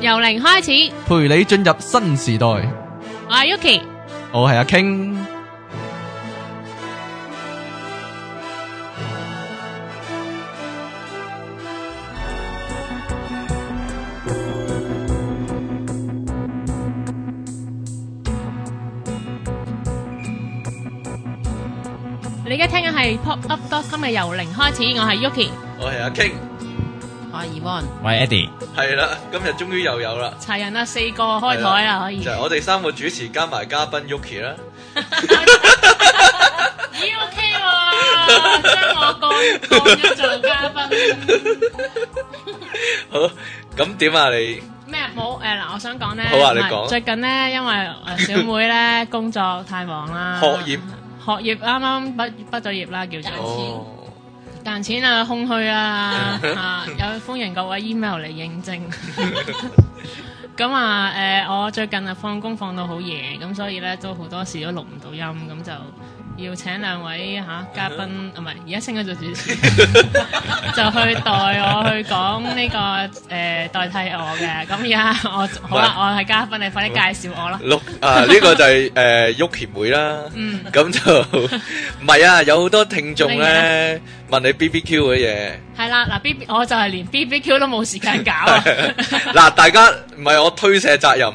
由零開始，陪你進入新時代。我係 Yuki，我係阿 King。你而家聽緊係 Pop UpDot Com 嘅由零開始，我係 Yuki，我係阿 King。阿二 wan，喂 Eddie，係啦，今日終於又有啦，齊人啦，四個開台啦，可以，就係我哋三個主持加埋嘉賓 Yuki 啦，咦，OK，將我講咗做嘉賓，好，咁點啊你？咩冇誒嗱，我想講咧，好啊，你講，最近咧因為誒小妹咧工作太忙啦，學業學業啱啱畢畢咗業啦，叫做。賺錢啊，空虛啊，啊，有歡迎各位 email 嚟認證。咁、 嗯、啊，誒、呃，我最近啊放工放到好夜，咁所以咧都好多時都錄唔到音，咁、嗯、就。要請兩位嚇嘉賓，唔係而家升咗做主持，就去代我去講呢個誒代替我嘅。咁而家我好啦，我係嘉賓，你快啲介紹我啦。六啊，呢個就係誒 Yuki 妹啦。嗯，咁就唔係啊，有好多聽眾咧問你 BBQ 嘅嘢。係啦，嗱，BB 我就係連 BBQ 都冇時間搞啊。嗱，大家唔係我推卸責任，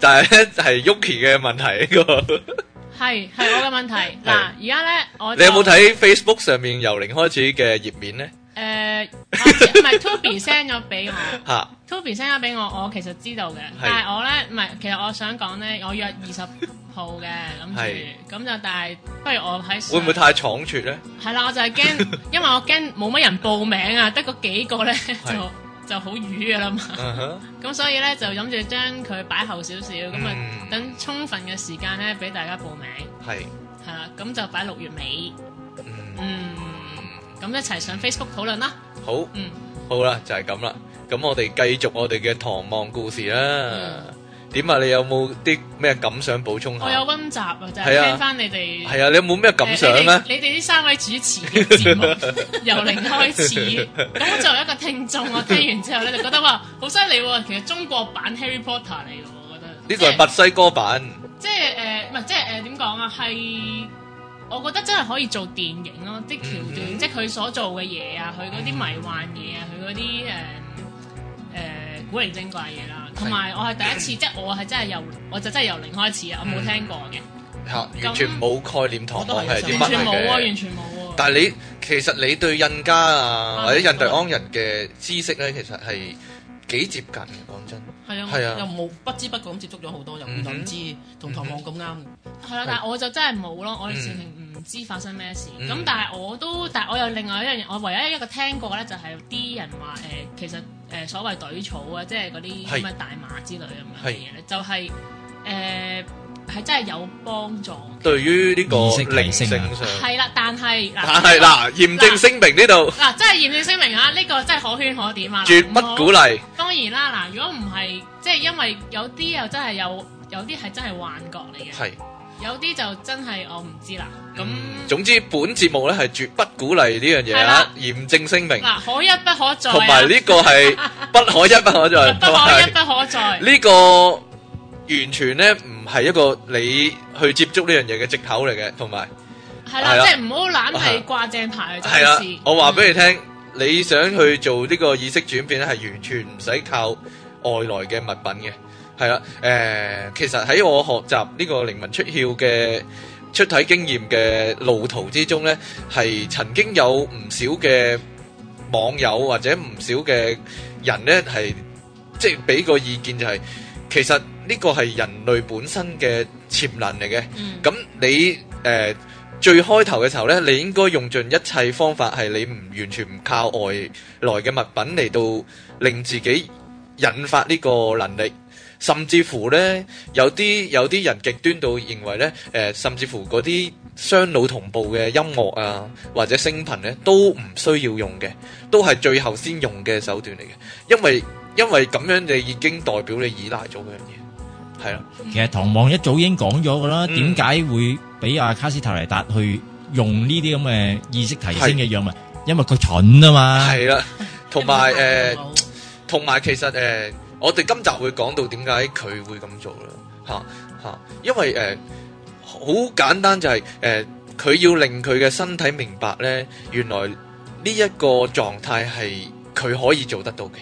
就係咧係 Yuki 嘅問題，呢個。係係我嘅問題嗱，而家咧我你有冇睇 Facebook 上面由零開始嘅頁面咧？誒、呃，唔係 Toby send 咗俾我，Toby send 咗俾我，我其實知道嘅，但係我咧唔係，其實我想講咧，我約二十號嘅諗住，咁就是但係不如我喺會唔會太倉促咧？係啦，我就係驚，因為我驚冇乜人報名啊，得嗰幾個咧就。就好瘀㗎啦嘛，咁、uh huh. 所以咧就諗住將佢擺後少少，咁啊、嗯、等充分嘅時間咧俾大家報名，係是，係啦、啊，咁就擺六月尾，嗯，咁一齊上 Facebook 討論啦，好，嗯，好啦，就係咁啦，咁我哋繼續我哋嘅唐望故事啦。點、就是、啊，啊！你有冇啲咩感想補充？我有溫習啊，就係聽翻你哋。係啊，你有冇咩感想咧？嗎你哋呢三位主持嘅節目 由零開始，咁作為一個聽眾，我聽完之後咧就 覺得哇，好犀利！其實中國版 Harry Potter 嚟嘅，我覺得。呢個係墨西哥版。即係誒，唔、呃、係即係誒，點講啊？係、呃、我覺得真係可以做電影咯，啲橋段，即係佢所做嘅嘢啊，佢嗰啲迷幻嘢啊，佢嗰啲誒。古靈精怪嘢啦，同埋我係第一次，即係我係真係由，我就真係由零開始啊！我冇聽過嘅，嚇完全冇概念，唐望係完全冇啊，完全冇啊！但係你其實你對印加啊或者印第安人嘅知識咧，其實係幾接近嘅，講真。係啊，係啊，又冇不知不覺咁接觸咗好多，又唔諗知，同唐望咁啱。係啦，但係我就真係冇咯，我以前唔。唔知發生咩事咁，但係我都，但係我有另外一樣嘢，我唯一一個聽過咧，就係啲人話誒，其實誒所謂隊草啊，即係嗰啲咩大麻之類咁嘅嘢咧，就係誒係真係有幫助。對於呢個靈性上係啦，但係但係嗱，嚴正聲明呢度嗱，真係嚴正聲明啊！呢個真係可圈可點啊！絕不鼓勵。當然啦，嗱，如果唔係，即係因為有啲又真係有，有啲係真係幻覺嚟嘅。係。有啲就真係我唔知啦。咁、嗯、總之本節，本節目咧係絕不鼓勵呢樣嘢啊！嚴的正聲明，可一不可再，啊，同埋呢個係不可一不可再， 不可一不可再。呢 個完全咧唔係一個你去接觸呢樣嘢嘅借口嚟嘅，同埋係啦，即係唔好懶係掛正牌嘅。係啦，我話俾你聽，嗯、你想去做呢個意識轉變咧，係完全唔使靠外來嘅物品嘅。係啦，誒，其實喺我學習呢個靈魂出竅嘅出體經驗嘅路途之中咧，係曾經有唔少嘅網友或者唔少嘅人咧，係即係俾個意見，就係其實呢個係人類本身嘅潛能嚟嘅。咁你誒最開頭嘅時候咧，你應該用盡一切方法，係你唔完全唔靠外來嘅物品嚟到令自己引發呢個能力。甚至乎咧，有啲有啲人極端到認為咧，誒、呃，甚至乎嗰啲雙腦同步嘅音樂啊，或者聲頻咧，都唔需要用嘅，都係最後先用嘅手段嚟嘅，因為因為咁樣就已經代表你依賴咗嗰樣嘢，係啦。其實唐望一早已經講咗㗎啦，點解、嗯、會俾阿卡斯塔尼達去用呢啲咁嘅意識提升嘅藥物？的因為佢蠢啊嘛。係啦，同埋誒，同埋、 嗯、其實誒。嗯嗯我哋今集會講到點解佢會咁做啦，吓吓，因為誒好簡單就係誒佢要令佢嘅身體明白咧，原來呢一個狀態係佢可以做得到嘅。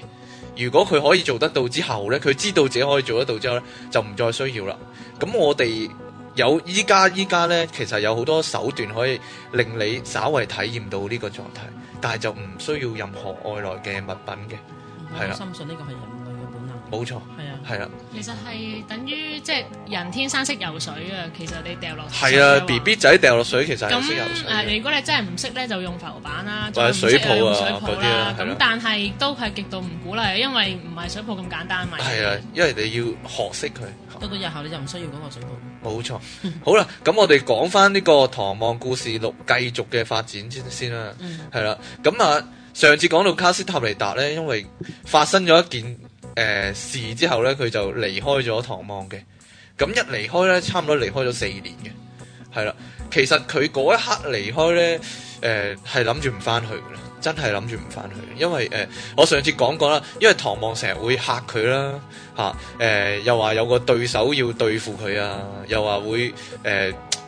如果佢可以做得到之後咧，佢知道自己可以做得到之後咧，就唔再需要啦。咁我哋有依家依家咧，其實有好多手段可以令你稍為體驗到呢個狀態，但係就唔需要任何外來嘅物品嘅。係啦，我深信呢個係。冇錯，係啊，係啊。其實係等於即係人天生識游水啊。其實你掉落係啊，B B 仔掉落水其實係識游水。如果你真係唔識咧，就用浮板啦，仲有水泡啊嗰啲。咁但係都係極度唔鼓勵，因為唔係水泡咁簡單嘛。係啊，因為你要學識佢。到到日後你就唔需要嗰個水泡。冇錯，好啦，咁我哋講翻呢個《唐望故事錄》繼續嘅發展先先啦。嗯。係啦，咁啊，上次講到卡斯塔尼達咧，因為發生咗一件。誒、呃、事之後咧，佢就離開咗唐望嘅。咁一離開咧，差唔多離開咗四年嘅，係啦。其實佢嗰一刻離開咧，誒係諗住唔翻去嘅啦，真係諗住唔翻去，因為誒、呃、我上次講過啦，因為唐望成日會嚇佢啦，吓、啊、誒、呃、又話有個對手要對付佢啊，又話會誒、呃、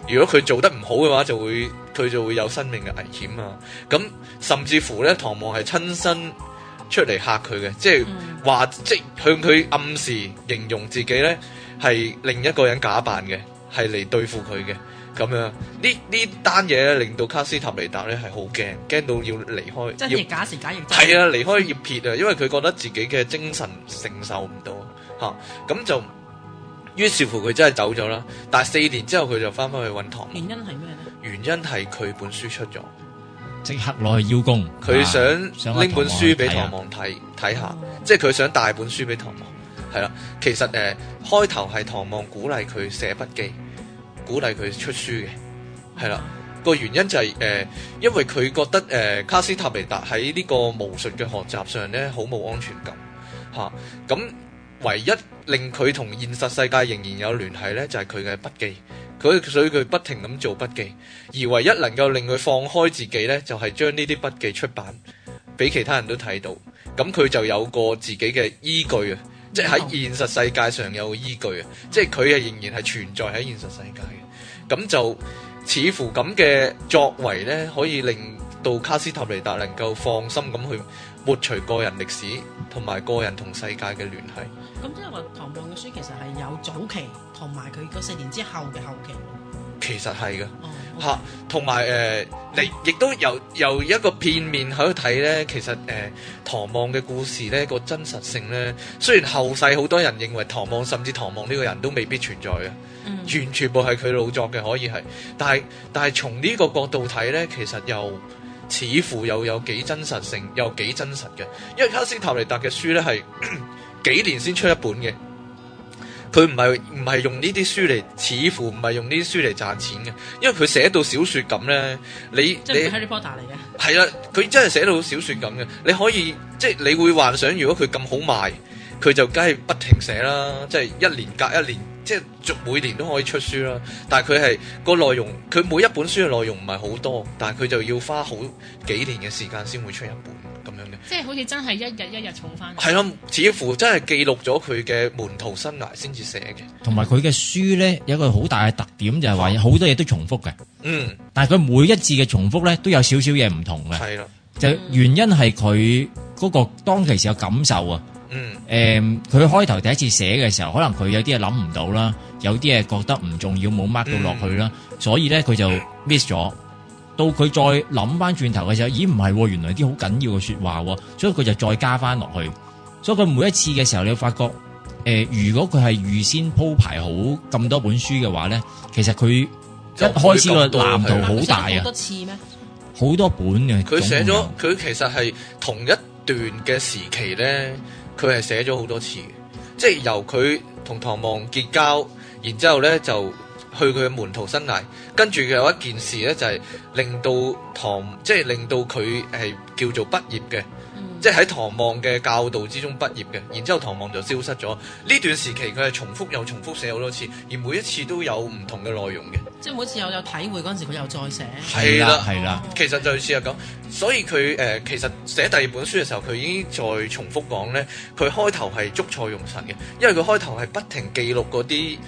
如果佢做得唔好嘅話，就會佢就會有生命嘅危險啊，咁甚至乎咧唐望係親身。出嚟吓佢嘅，即係話，嗯、即係向佢暗示、形容自己呢係另一個人假扮嘅，係嚟對付佢嘅咁樣。呢呢單嘢令到卡斯塔尼達呢係好驚，驚到要離開，意要假時意要假亦真。係啊，離開葉撇啊，因為佢覺得自己嘅精神承受唔到吓，咁、啊、就於是乎佢真係走咗啦。但係四年之後佢就翻翻去揾唐。原因係咩呢？原因係佢本書出咗。即刻攞去邀功，佢、啊、想拎本書俾唐望睇睇、啊、下，即係佢想帶本書俾唐望，係啦。其實誒、呃、開頭係唐望鼓勵佢寫筆記，鼓勵佢出書嘅，係啦。個原因就係、是、誒、呃，因為佢覺得誒、呃、卡斯塔尼達喺呢個巫術嘅學習上咧好冇安全感吓，咁、啊。唯一令佢同現實世界仍然有聯繫呢，就係佢嘅筆記。佢所以佢不停咁做筆記，而唯一能夠令佢放開自己呢，就係將呢啲筆記出版，俾其他人都睇到。咁佢就有個自己嘅依據啊！即係喺現實世界上有依據啊！即係佢啊仍然係存在喺現實世界嘅。咁就似乎咁嘅作為呢，可以令到卡斯塔尼達能夠放心咁去，抹除個人歷史同埋個人同世界嘅聯繫。咁即係話唐望嘅書其實係、oh, okay. 有早期同埋佢個四年之後嘅後期。其實係㗎，嚇，同埋誒，你亦都由由一個片面喺度睇咧，其實誒、呃，唐望嘅故事咧、個真實性咧，雖然後世好多人認為唐望甚至唐望呢個人都未必存在嘅，嗯、mm，hmm. 完全全部係佢老作嘅可以係，但係但係從呢個角度睇咧，其實又。似乎又有幾真實性，又幾真實嘅，因為卡斯塔尼達嘅書咧係 幾年先出一本嘅，佢唔係唔係用呢啲書嚟，似乎唔係用呢啲書嚟賺錢嘅，因為佢寫到小説咁咧，你即係 Harry Potter 嚟嘅，係啦，佢、啊、真係寫到小説咁嘅，你可以即係、就是、你會幻想，如果佢咁好賣，佢就梗係不停寫啦，即、就、係、是、一年隔一年。即係逐每年都可以出書啦，但係佢係個內容，佢每一本書嘅內容唔係好多，但係佢就要花好幾年嘅時間先會出一本咁樣嘅。即係好似真係一日一日重翻。係咯，啊，似乎真係記錄咗佢嘅門徒生涯先至寫嘅。同埋佢嘅書咧，有一個好大嘅特點就係話好多嘢都重複嘅。嗯，但係佢每一次嘅重複咧，都有少少嘢唔同嘅。係咯的，就原因係佢嗰個當其時嘅感受啊。嗯，誒、嗯，佢開頭第一次寫嘅時候，可能佢有啲係諗唔到啦，有啲係覺得唔重要，冇 mark 到落去啦，嗯、所以咧佢就 miss 咗。嗯、到佢再諗翻轉頭嘅時候，咦唔係、哦，原來啲好緊要嘅說話、哦，所以佢就再加翻落去。所以佢每一次嘅時候，你會發覺，誒、呃，如果佢係預先鋪排好咁多本書嘅話咧，其實佢一開始個難度好大啊，好多，多次咩？好多本嘅，佢寫咗，佢其實係同一段嘅時期咧。佢係寫咗好多次，即係由佢同唐望結交，然之後咧就去佢嘅門徒生涯，跟住有一件事咧就係令到唐，即係令到佢係叫做畢業嘅。即係喺唐望嘅教導之中畢業嘅，然之後唐望就消失咗。呢段時期佢係重複又重複寫好多次，而每一次都有唔同嘅內容嘅。即係每次有有體會嗰陣時，佢又再寫。係啦係啦，其實就似係咁。所以佢誒其實寫第二本書嘅時候，佢已經再重複講呢：「佢開頭係捉錯用神嘅，因為佢開頭係不停記錄嗰啲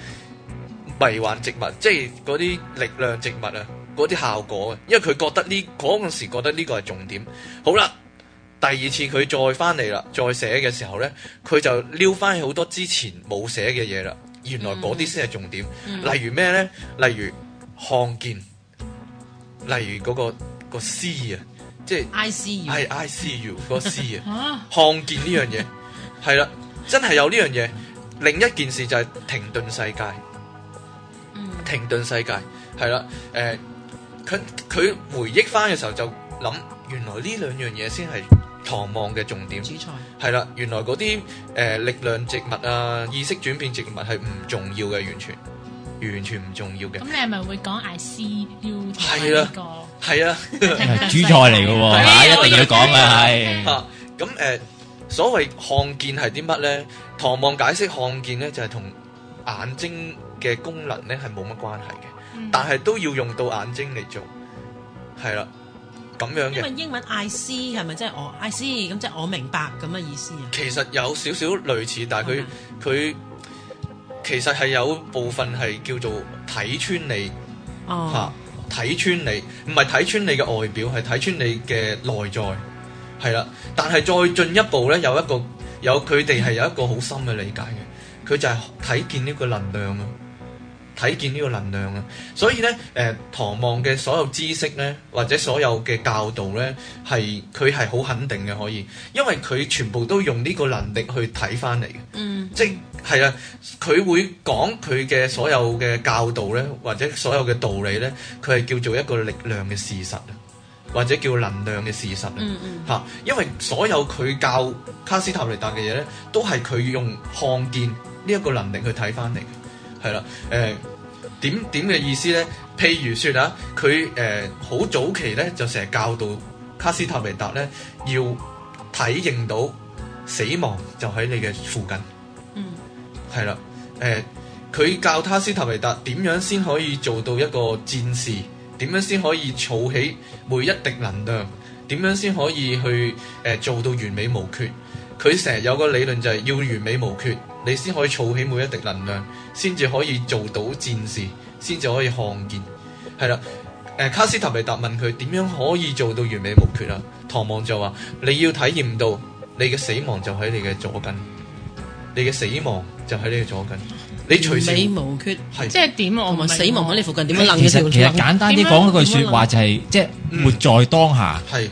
迷幻植物，即係嗰啲力量植物啊，嗰啲效果啊。因為佢覺得呢嗰陣時覺得呢個係重點。好啦。第二次佢再翻嚟啦，再寫嘅時候呢，佢就撩翻起好多之前冇寫嘅嘢啦。原來嗰啲先係重點，嗯、例如咩呢？例如看見，例如嗰、嗰個、嗰個 C 啊，即係 I see you，係 I, I see you 個 C 啊，看見呢樣嘢係啦，真係有呢樣嘢。另一件事就係停頓世界，嗯、停頓世界係啦。誒，佢、呃、佢回憶翻嘅時候就諗，原來呢兩樣嘢先係。唐望嘅重點主菜、係啦，原來嗰啲誒力量植物啊，哦、意識轉變植物係唔重要嘅，完全完全唔重要嘅。咁你係咪會講 I see you 呢、那個？係啊，主菜嚟嘅喎，啊一定要講、okay. 啊，係啊。咁、呃、誒，所謂看見係啲乜咧？唐望解釋看見咧，就係、是、同眼睛嘅功能咧係冇乜關係嘅，嗯、但係都要用到眼睛嚟做，係啦。因為英文 I see 係咪即係我 I see 咁即係我明白咁嘅意思啊？其實有少少類似，但係佢佢其實係有部分係叫做睇穿你，哦，吓，睇穿你，唔係睇穿你嘅外表，係睇穿你嘅內在，係啦。但係再進一步咧，有一個有佢哋係有一個好深嘅理解嘅，佢就係睇見呢個能量啊。睇見呢個能量啊，所以咧誒、呃，唐望嘅所有知識咧，或者所有嘅教導咧，係佢係好肯定嘅，可以，因為佢全部都用呢個能力去睇翻嚟嘅。嗯，即係係啊，佢會講佢嘅所有嘅教導咧，或者所有嘅道理咧，佢係叫做一個力量嘅事實啊，或者叫能量嘅事實啊。嗯嗯。嚇、啊，因為所有佢教卡斯塔雷達嘅嘢咧，都係佢用看見呢一個能力去睇翻嚟。係啦，誒點點嘅意思咧？譬如説啊，佢誒好早期咧就成日教導卡斯塔維達咧，要體認到死亡就喺你嘅附近。嗯，係啦，誒、呃、佢教卡斯塔維達點樣先可以做到一個戰士？點樣先可以儲起每一滴能量？點樣先可以去誒、呃、做到完美無缺？佢成日有個理論就係要完美無缺。你先可以儲起每一滴能量，先至可以做到戰士，先至可以看見，係啦。誒，卡斯特維達問佢點樣可以做到完美無缺啊？唐望就話：你要體驗到你嘅死亡就喺你嘅左近。你嘅死亡就喺你嘅左近。你隨時完美無缺，是即係點啊？我問死亡喺你附近，點樣諗嘅時候？其實其實簡單啲講一句説話就係，即係活在當下。係、嗯，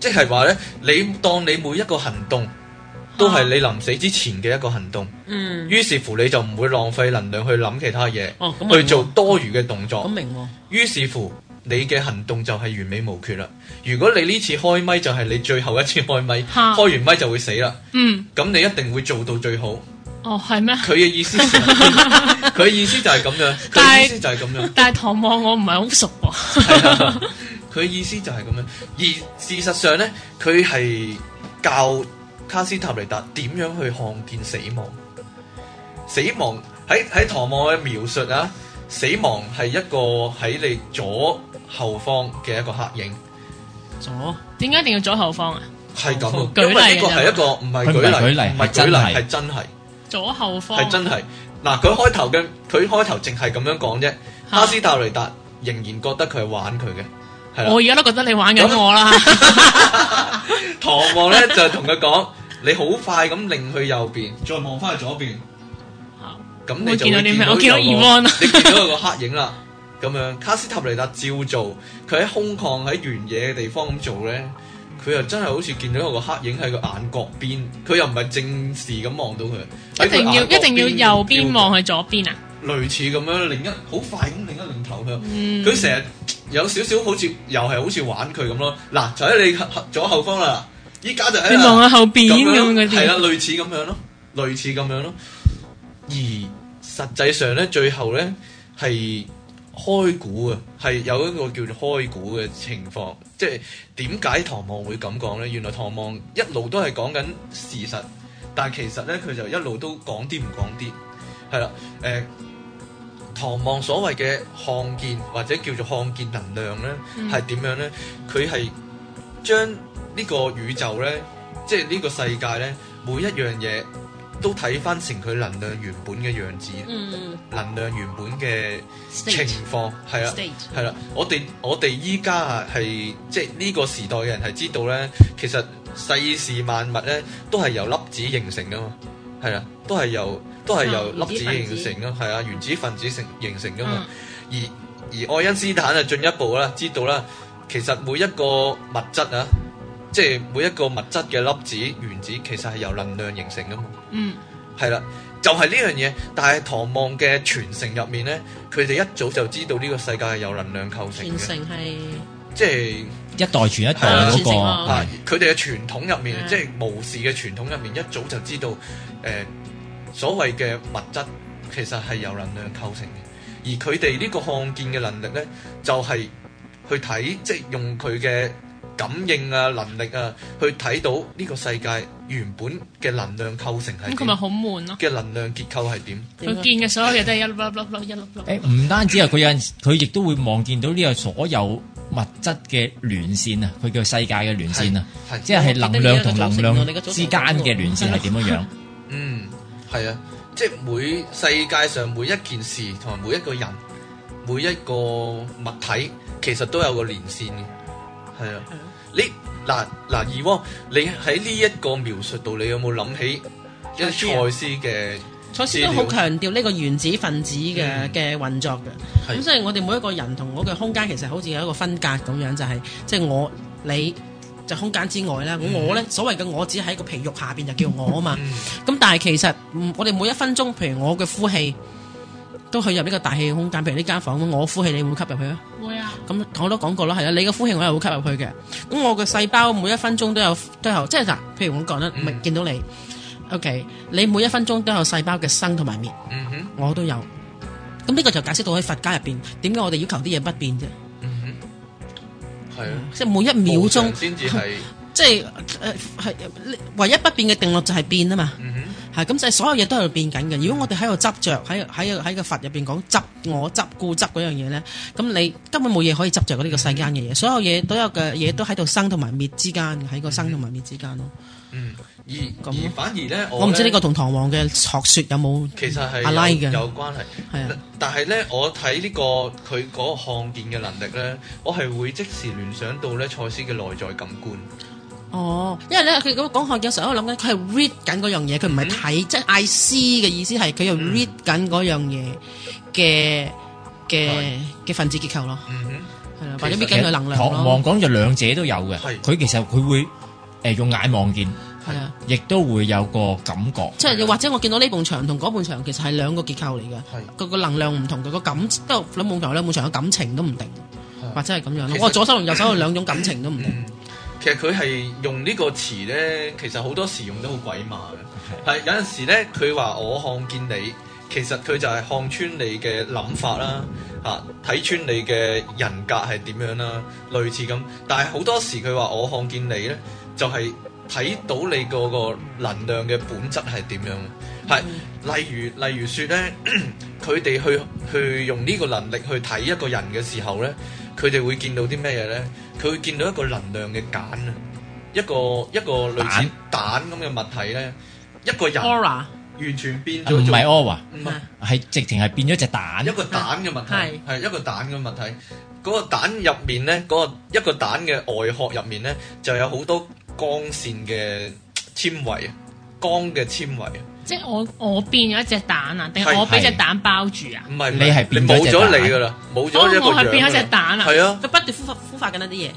即係話咧，你當你每一個行動，都係你臨死之前嘅一個行動，於是乎你就唔會浪費能量去諗其他嘢，去做多餘嘅動作。咁明喎。於是乎你嘅行動就係完美無缺啦。如果你呢次開咪就係你最後一次開咪，開完咪就會死啦。嗯。咁你一定會做到最好。哦，係咩？佢嘅意思是，佢意思就係咁樣。意思就係咁樣。但係唐望我唔係好熟喎。佢意思就係咁樣，而事實上呢，佢係教，卡斯塔雷達點樣去看見死亡？死亡喺喺唐望嘅描述啊，死亡係一個喺你左後方嘅一個黑影。左，點解一定要左後方啊？係咁，左方？因為呢個係一個唔係舉，舉例，唔係舉例，係真係左後方，係真係嗱，佢開頭嘅，佢開頭淨係咁樣講啫，卡斯塔雷達仍然覺得佢係玩佢嘅。我而家都覺得你玩緊那我啦了！唐望咧就同佢講：你好快咁擰去右邊，再望翻去左邊。咁、oh, 你見到我見到 Evon，你見到，個， 你見到個黑影啦。咁樣卡斯塔尼達照做，佢喺空曠喺原野嘅地方咁做咧，佢又真係好似見到有個黑影喺個眼角邊，佢又唔係正視咁望到佢。一定要角一定要右邊望去左邊啊！類似咁樣，另一好快咁另一輪投票，佢成日有少少好似又係好似玩佢咁咯。嗱，就喺你左後方啦，依家就喺望下後面，係啦，類似咁樣咯，類似咁樣咯。而實際上咧，最後咧係開估啊，係有一個叫做開估嘅情況。即係點解唐望會咁講咧？原來唐望一路都係講緊事實，但係其實咧佢就一路都講啲唔講啲，係啦，誒。呃唐望所謂嘅看見或者叫做看見能量咧，係點、嗯、樣咧？佢係將呢個宇宙咧，即係呢個世界咧，每一樣嘢都睇翻成佢能量原本嘅樣子，嗯、能量原本嘅情況係 Stage. 啊，係啦 Stage.、啊啊。我哋我哋依家係即係呢個時代嘅人係知道咧，其實世事萬物咧都係由粒子形成噶嘛，係啊，都係由。都係由粒子形成咯，係啊，原子分子成形成噶嘛。嗯、而而愛因斯坦啊，進一步咧知道咧，其實每一個物質啊，即係每一個物質嘅粒子原子，其實係由能量形成噶嘛。嗯，係啦，就係呢樣嘢。但係唐望嘅傳承入面咧，佢哋一早就知道呢個世界係由能量構成嘅。傳承係，即係一代傳一代。佢哋嘅傳統入面，的即係巫師嘅傳統入面，一早就知道誒。呃所謂嘅物質其實係由能量構成嘅，而佢哋呢個看見嘅能力咧，就係、是、去睇，即、就、係、是、用佢嘅感應啊能力啊，去睇到呢個世界原本嘅能量構成係。咁佢咪好悶咯？嘅能量結構係點？佢見嘅所有嘢都係一粒粒粒一粒粒、欸。誒，唔單止啊，佢有佢亦都會望見到呢個所有物質嘅連線啊，佢叫世界嘅連線啊，即係能量同能量之間嘅連線係點樣樣？嗯是。 係啊，即係每世界上每一件事同埋每一個人、每一個物體，其實都有個連線嘅。係啊，啊你嗱嗱二鍋，onne, 你喺呢一個描述度，你有冇諗起一啲塞斯嘅、啊？塞斯都好強調呢個原子分子嘅嘅、嗯、運作嘅。咁所以，我哋每一個人同我嘅空間其實好似有一個分隔咁樣，就係即係我你。就空間之外啦，mm hmm. 我咧所謂嘅我，只喺個皮肉下邊就叫我啊嘛。咁 但係其實，我哋每一分鐘，譬如我嘅呼氣，都去入呢個大氣空間。譬如呢間房，我呼氣，你會唔會吸入去啊？會啊。咁我都講過啦，係啊，你嘅呼氣，我又會吸入去嘅。咁我嘅細胞每一分鐘都有都有，即係嗱，譬如我講啦，咪見到你、mm hmm.，OK，你每一分鐘都有細胞嘅生同埋滅，mm hmm. 我都有。咁呢個就解釋到喺佛家入邊，點解我哋要求啲嘢不變啫？係啊，即係每一秒鐘先至係，即係誒係唯一不變嘅定律就係變啊嘛，係咁、嗯、哼就係所有嘢都喺度變緊嘅。如果我哋喺度執着喺喺喺個佛入邊講執我執固執嗰樣嘢咧，咁你根本冇嘢可以執着嗰呢個世間嘅嘢，嗯、所有嘢都有嘅嘢都喺度生同埋滅之間，喺個生同埋滅之間咯、嗯。嗯。而反而咧，我唔知呢個同唐望嘅學說有冇其實阿拉嘅有關係？係啊，但係咧，我睇呢個佢嗰個看見嘅能力咧，我係會即時聯想到咧賽斯嘅內在感官。哦，因為咧佢咁講看見嘅時候，我諗咧佢係 read 緊嗰樣嘢，佢唔係睇，即係艾斯嘅意思係佢又 read 緊嗰樣嘢嘅嘅嘅分子結構咯。嗯哼，係啦，或者 read 緊佢能量咯。唐望講就兩者都有嘅，係佢其實佢會誒用眼望見。係是啊，亦都會有個感覺，就是。即係又或者我見到呢埲牆同嗰埲牆其實係兩個結構嚟嘅，個是、啊、個能量唔同嘅，個感都兩埲牆兩埲牆嘅感情都唔定，是啊、或者係咁樣。我其實、哦、左手同右手兩種感情都唔定，嗯嗯。其實佢係用呢個詞咧，其實好多時用得好鬼馬嘅。係有陣時咧，佢話我看見你，其實佢就係看穿你嘅諗法啦，嚇睇穿你嘅人格係點樣啦，類似咁。但係好多時佢話我看見你咧，就係、是。睇到你個個能量嘅本質係點樣？係，例如例如説咧，佢哋去去用呢個能力去睇一個人嘅時候咧，佢哋會見到啲咩嘢咧？佢會見到一個能量嘅繭啊，一個一個類似蛋咁嘅物體咧，一個人 Aura 完全變咗，唔係 Aura，唔係，係直情係變咗隻蛋，一個蛋嘅物體，係一個蛋嘅物體，嗰個蛋入面咧，嗰個一個蛋嘅外殼入面咧就有好多。光線嘅纖維啊，光嘅纖維啊，即係我我變咗一隻蛋啊，定係我俾隻蛋包住啊？唔係，你係變冇咗你噶啦，冇咗一個樣。哦，我係變咗隻蛋啊，係啊，佢不斷孵化孵化緊一啲嘢。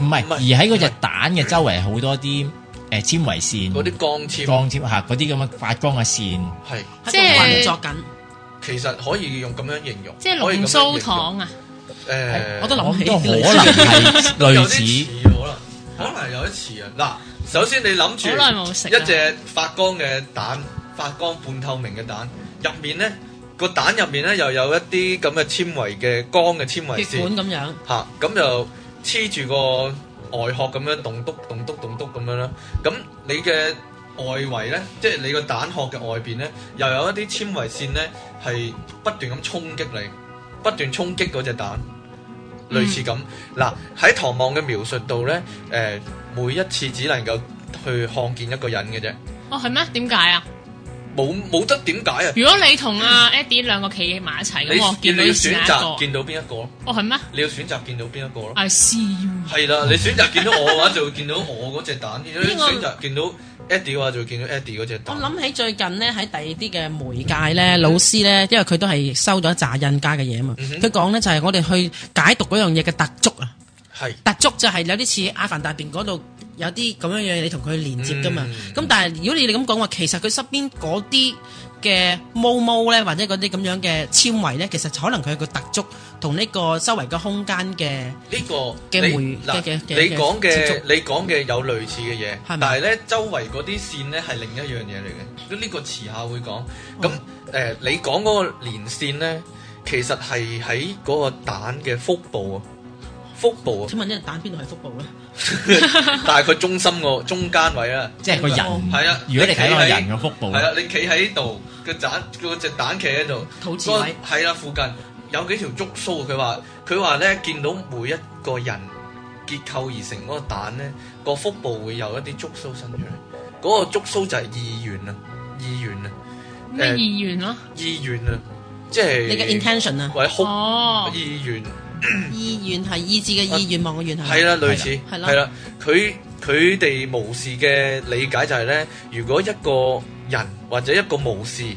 唔係，而喺嗰隻蛋嘅周圍好多啲誒纖維線，嗰啲光纖，光纖吓，嗰啲咁嘅發光嘅線，係喺度運作緊。其實可以用咁樣形容，即係龍鬚糖啊？誒，我都諗起，可能係類似。可能有一次啊，嗱，首先你諗住一隻發光嘅蛋，發光半透明嘅蛋，入面呢個蛋入面呢，又有一啲咁嘅纖維嘅光嘅纖維線咁樣，吓、啊，咁就黐住個外殼咁樣，咚篤咚篤咚篤咁樣啦。咁你嘅外圍呢，即係你個蛋殼嘅外邊呢，又有一啲纖維線呢，係不斷咁衝擊你，不斷衝擊嗰隻蛋。類似咁嗱，喺唐望嘅描述度咧，誒、呃、每一次只能夠去看見一個人嘅啫。哦，係咩？點解啊？冇冇得點解啊？如果你同阿 Eddie 兩個企埋一齊咁，嗯、我見你，你要選擇見到邊一個咯？哦，係咩？你要選擇見到邊一個咯？係啊，係啦，你選擇見到我嘅話，就會見到我嗰隻蛋，如果 你選擇見到。Eddie 話就見到 Eddie 嗰隻，我諗起最近呢，喺第二啲嘅媒介咧，嗯、老師咧，因為佢都係收咗一紮印加嘅嘢啊嘛，佢講咧就係、是、我哋去解讀嗰樣嘢嘅特足啊，是特足就係有啲似阿凡達入便嗰度有啲咁樣樣你同佢連接噶嘛，咁、嗯、但係如果你哋咁講話，其實佢身邊嗰啲。嘅毛毛咧，或者嗰啲咁樣嘅纖維咧，其實可能佢係個突觸同呢個周圍個空間嘅呢個嘅回嘅嘅，你講嘅你講嘅有類似嘅嘢，但係咧周圍嗰啲線咧係另一樣嘢嚟嘅。咁呢個遲下會講。咁誒，你講嗰個連線咧，其實係喺嗰個蛋嘅腹部啊。腹部？請問呢隻蛋邊度係腹部咧？但係佢中心個中間位啊，即係個人。係啊，如果你睇到個人嘅腹部，係啊，你企喺度嘅蛋，嗰隻蛋企喺度，肚臍位。係啊，附近有幾條觸鬚。佢話，佢話咧，見到每一個人結構而成嗰個蛋咧，個腹部會有一啲觸鬚伸出嚟。嗰個觸鬚就係意願啊，意願啊。咩意願咯？意願啊，即係你嘅 intention 啊，或者，哦，意願。意願係意志嘅意願，望嘅願。係。係啦，啊、類似係咯，係啦的，佢佢哋巫師嘅理解就係、是、咧，如果一個人或者一個巫師，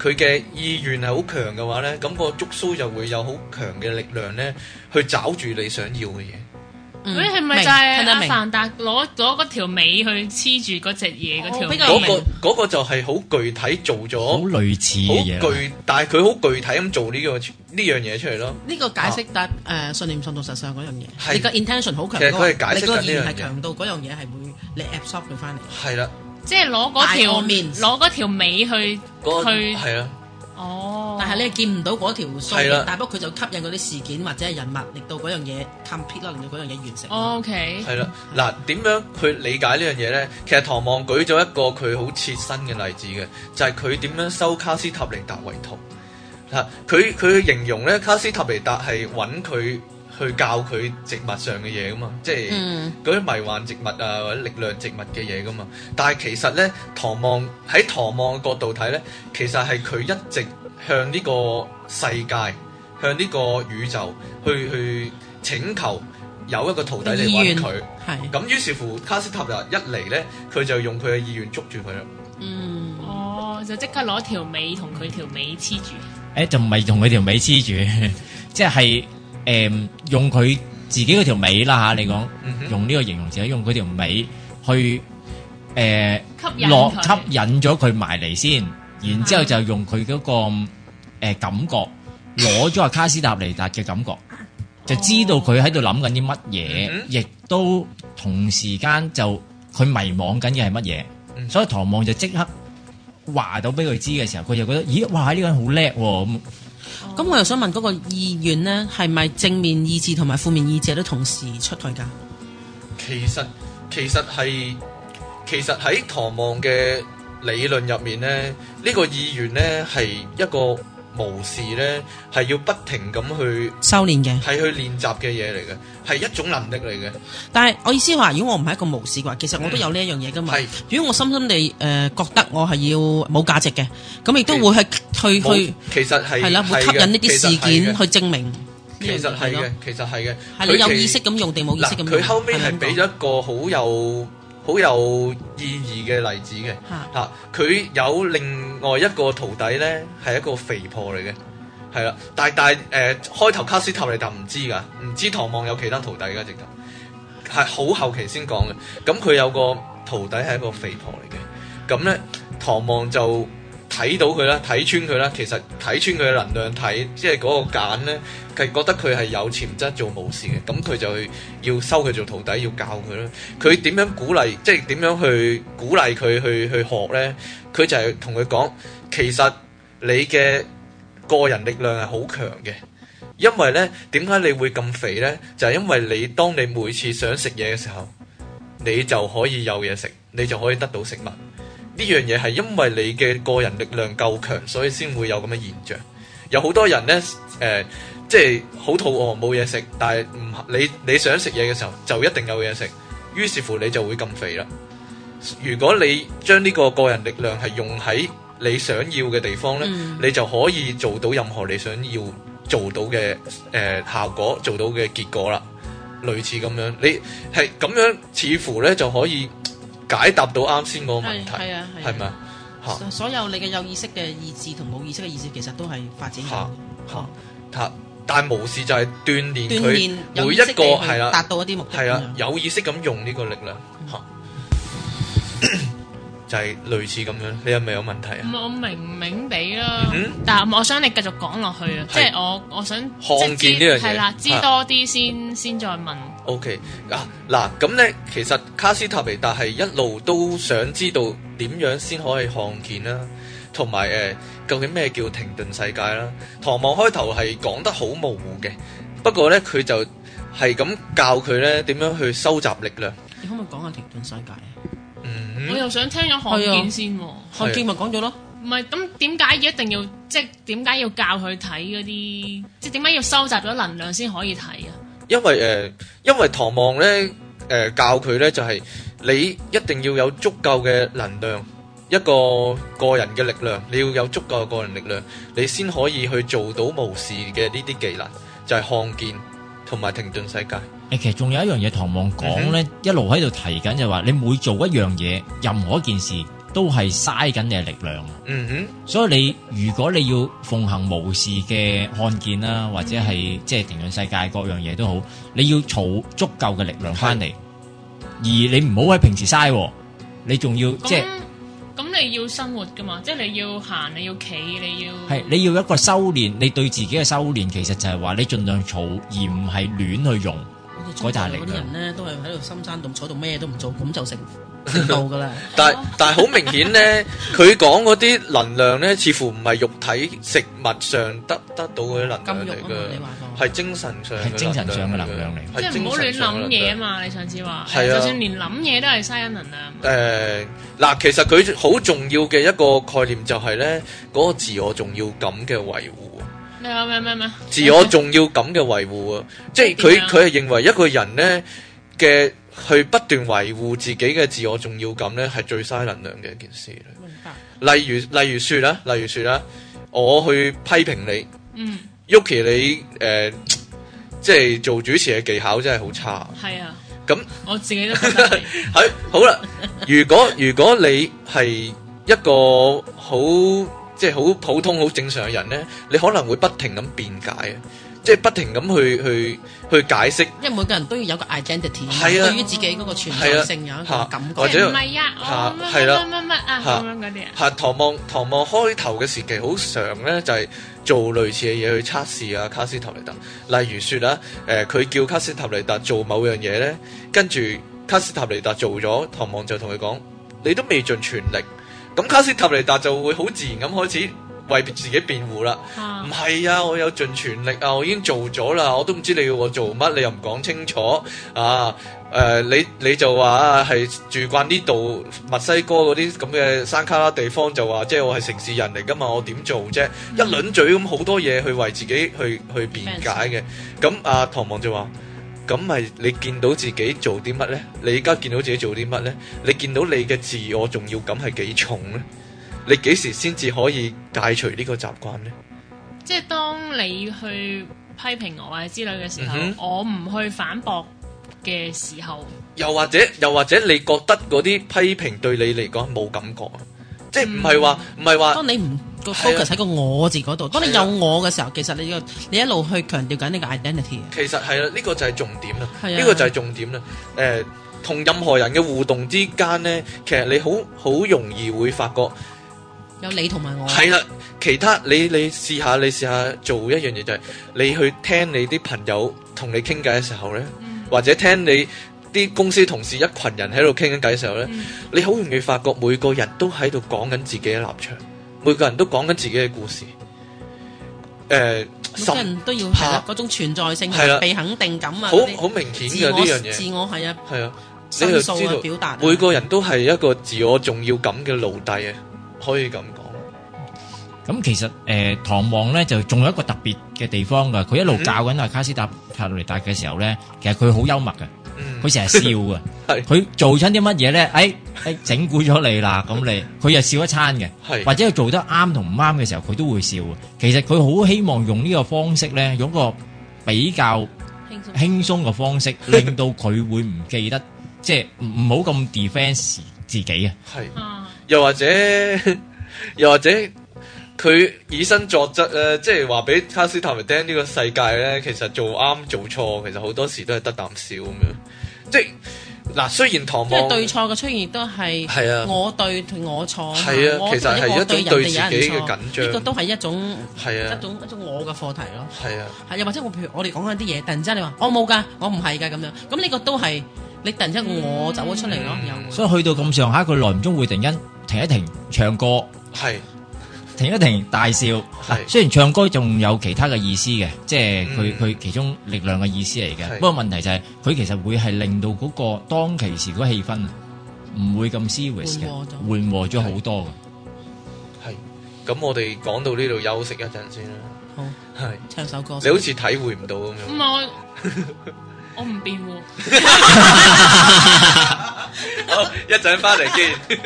佢嘅意願係好強嘅話咧，咁、那個觸鬚就會有好強嘅力量咧，去找住你想要嘅嘢。喂，係咪就係阿凡達攞攞嗰條尾去黐住嗰隻嘢嗰條尾？嗰個嗰個就係好具體做咗，好類似嘅嘢。好具，但係佢好具體咁做呢個呢樣嘢出嚟咯。呢個解釋得誒，信念信到實上嗰樣嘢。係個 intention 好強。其實佢係解釋嘅，而唔係強到嗰樣嘢係會你 absorb 佢翻嚟。係啦。即係攞嗰條面，攞嗰條尾去去係啊。哦，但係你見唔到嗰條線，的但不過佢就吸引嗰啲事件或者係人物，令到嗰樣嘢 complete 令到嗰樣嘢完成。O K，係啦，嗱、okay. 的，點樣 去理解呢樣嘢咧？其實唐望舉咗一個佢好切身嘅例子嘅，就係佢點樣收卡斯塔尼達為徒。吓，佢佢形容咧，卡斯塔尼達係揾佢。去教佢植物上嘅嘢咁啊，即係嗰啲迷幻植物啊，或者力量植物嘅嘢咁啊。但係其實咧，唐望喺唐望嘅角度睇咧，其實係佢一直向呢個世界、向呢個宇宙去去請求有一個徒弟嚟揾佢。係咁，於是乎卡斯塔就一嚟咧，佢就用佢嘅意願捉住佢啦。嗯，哦，就即刻攞條尾同佢條尾黐住。誒、欸，就唔係同佢條尾黐住，即 係。誒、嗯，用佢自己嗰條尾啦吓，嚟、啊、講，你嗯、哼用呢個形容詞，用佢條尾去誒、落、呃、吸引咗佢埋嚟先，然之後就用佢嗰、那個誒、呃、感覺，攞咗阿卡斯塔尼達嘅感覺，哦、就知道佢喺度諗緊啲乜嘢，亦、嗯、哼都同時間就佢迷惘緊嘅係乜嘢，嗯、所以唐望就即刻話到俾佢知嘅時候，佢就覺得，咦，哇、呢、這個人好叻咁。嗯咁我又想問嗰個意願咧，係咪正面意志同埋負面意志都同時出去噶？其實其實係其實喺唐望嘅理論入面咧，這個、議員呢個意願咧係一個。無視咧，係要不停咁去修煉嘅，係去練習嘅嘢嚟嘅，係一種能力嚟嘅。但係我意思話，如果我唔係一個無視嘅話，其實我都有呢一樣嘢噶嘛。如果我深深哋誒覺得我係要冇價值嘅，咁亦都會去去去，其實係係啦，會吸引呢啲事件去證明。其實係嘅，其實係嘅。係你有意識咁用定冇意識咁用？嗱，佢後尾係俾咗一個好有。好有意義嘅例子嘅嚇，佢哈有另外一個徒弟咧，係一個肥婆嚟嘅，係啦，但係但係誒、呃，開頭卡斯塔尼達，但唔知噶，唔知唐望有其他徒弟噶，直頭係好後期先講嘅，咁佢有個徒弟係一個肥婆嚟嘅，咁咧唐望就。睇到佢啦，睇穿佢啦，其實睇穿佢嘅能量體，即係嗰個揀呢，佢覺得佢係有潛質做巫師嘅，咁佢就去要收佢做徒弟，要教佢啦。佢點樣鼓勵？即係點樣去鼓勵佢去去學呢？佢就係同佢講，其實你嘅個人力量係好強嘅，因為呢，點解你會咁肥呢？就係、是、因為你當你每次想食嘢嘅時候，你就可以有嘢食，你就可以得到食物。呢樣嘢係因為你嘅個人力量夠強，所以先會有咁嘅現象。有好多人呢，誒、呃，即係好肚餓，冇嘢食，但係唔你你想食嘢嘅時候，就一定有嘢食。於是乎你就會咁肥啦。如果你將呢個個人力量係用喺你想要嘅地方呢，嗯、你就可以做到任何你想要做到嘅誒、呃、效果，做到嘅結果啦。類似咁樣，你係咁樣，似乎呢就可以，解答到啱先嗰個問題，係咪所有你嘅有意識嘅意志同冇意識嘅意志，其實都係發展緊？嚇嚇嚇！但無視就係鍛鍊佢每一個係啦，達到一啲目標。係啦，有意識咁用呢個力量嚇，就係類似咁樣。你係咪有問題啊？我明明白啦，但我想你繼續講落去啊。即係我我想，看見呢樣嘢啦，知多啲先先再問。OK 嗱嗱咁咧，其實卡斯塔尼達係一路都想知道點樣先可以看見啦、啊，同埋誒究竟咩叫停頓世界啦、啊。唐望開頭係講得好模糊嘅，不過咧佢就係咁教佢咧點樣去收集力量。你可唔可以講下停頓世界啊？嗯、我又想聽咗看見先喎、啊。看見咪講咗咯。唔係，咁點解一定要即係點解要教佢睇嗰啲，即係點解要收集咗能量先可以睇啊？因為誒，因為唐望咧，誒教佢咧就係你一定要有足夠嘅能量，一個個人嘅力量，你要有足夠嘅個人力量，你先可以去做到無視嘅呢啲技能，就係看見同埋停頓世界。其實仲有一樣嘢唐望講咧，一路喺度提緊就係話，你每做一樣嘢，任何一件事。都係嘥緊你嘅力量啊！嗯、哼所以你如果你要奉行無事嘅看見啦，嗯、哼或者係即係停頓世界各樣嘢都好，你要儲足夠嘅力量翻嚟，是而你唔好喺平時嘥，你仲要即係咁你要生活噶嘛？即、就、係、是、你要行，你要企，你要係你要一個修煉，你對自己嘅修煉其實就係話你盡量儲，而唔係亂去用。採炸力嗰啲人咧，都係喺度深山度坐到咩都唔做，咁就成成道噶啦。但係但係好明顯咧，佢講嗰啲能量咧，似乎唔係肉體食物上得得到嗰啲能量嚟噶，你話，係精神上係精神上嘅能量嚟。即係唔好亂諗嘢啊嘛！你上次話，係啊，就算連諗嘢都係嘥緊能量。誒、嗯，嗱、呃，其實佢好重要嘅一個概念就係咧，嗰個自我重要感嘅維護。咩咩咩自我重要感嘅維護啊， 即係佢佢係認為一個人咧嘅去不斷維護自己嘅自我重要感咧，係最嘥能量嘅一件事嚟。明白。例如例如說啦，例如說啦，我去批評你，嗯，Yuki 你誒，即、呃、係、就是、做主持嘅技巧真係好差。係啊。咁那，我自己都係。係 好啦，如果如果你係一個好。即係好普通、好正常嘅人咧，你可能會不停咁辯解啊，即係不停咁去去去解釋。因為每個人都要有個 identity，啊、對於自己嗰個存在性、啊、有一個感覺，啊、或者唔係啊，係啦，乜乜乜啊，咁樣嗰啲啊。係、啊啊啊、唐望，唐望開頭嘅時期好常咧，就係、是、做類似嘅嘢去測試啊，卡斯塔尼達。例如說啊，誒、呃、佢叫卡斯塔尼達做某樣嘢咧，跟住卡斯塔尼達做咗，唐望就同佢講：你都未盡全力。咁卡斯塔尼達就會好自然咁開始為自己辯護啦。唔係啊，啊，我有盡全力啊，我已經做咗啦，我都唔知你要我做乜，你又唔講清楚啊。誒、啊呃，你你就話係住慣呢度墨西哥嗰啲咁嘅山卡拉地方就，就話即係我係城市人嚟噶嘛，我點做啫？嗯、一卵嘴，一輪嘴咁好多嘢，去為自己去去辯解嘅。咁阿唐望就話。咁咪，你見到自己做啲乜呢？你而家見到自己做啲乜呢？你見到你嘅自我重要感係幾重呢？你幾時先至可以解除呢個習慣呢？即係當你去批評我啊之類嘅時候，嗯、哼我唔去反駁嘅時候，又或者又或者你覺得嗰啲批評對你嚟講冇感覺？即係唔係話唔係話，嗯、當你唔個 focus 喺個我字嗰度，當你有我嘅時候，其實你個你一路去強調緊呢個 identity。其實係啦，呢個就係重點啦，呢個就係重點啦。誒，同任何人嘅互動之間咧，其實你好好容易會發覺有你同埋我。係啦、啊，其他你你試下，你試下做一樣嘢就係、是，你去聽你啲朋友同你傾偈嘅時候咧，嗯、或者聽你。啲公司同事一群人喺度傾緊偈嘅時候咧，你好容易發覺每個人都喺度講緊自己嘅立場，每個人都講緊自己嘅故事。誒，所有人都要嗰種存在性、被肯定感啊！好好明顯嘅呢樣嘢，自我係啊，係啊，所以知道每個人都係一個自我重要感嘅奴隸啊，可以咁講。咁其實誒，唐望咧就仲有一個特別嘅地方噶，佢一路教緊阿卡斯達卡路尼達嘅時候咧，其實佢好幽默嘅。佢成日笑嘅，佢 是做親啲乜嘢咧？誒、哎、誒，整蠱咗你啦，咁你佢又笑一餐嘅， 是或者佢做得啱同唔啱嘅時候，佢都會笑。其實佢好希望用呢個方式咧，用一個比較輕鬆嘅方式，方式 令到佢會唔記得，即、就、係、是、唔好咁 defence 自己啊。係， 又或者又或者。佢以身作則咧，即係話俾卡斯塔維登呢個世界咧，其實做啱做錯，其實好多時都係得啖笑咁樣。即係嗱，雖然唐望，即係對錯嘅出現都係，係啊，我對我錯，係啊，其實係一種對自己嘅緊張，呢個都係一種，係啊，一種一種我嘅課題咯，係啊，又或者我譬如我哋講緊啲嘢，突然之間你話我冇㗎，我唔係㗎咁樣，咁呢個都係你突然之間我走咗出嚟咯，所以去到咁上下，佢耐唔中會突然間停一停唱歌，係。停一停，大笑。雖然唱歌仲有其他嘅意思嘅，即係佢佢其中力量嘅意思嚟嘅。不過問題就係佢其實會係令到嗰個當其時嗰個氣氛唔會咁 serious 嘅，緩和咗好多嘅。係。咁我哋講到呢度休息一陣先啦。好。係。唱首歌。你好似體會唔到咁樣。唔係我，我唔變。好，一陣翻嚟見。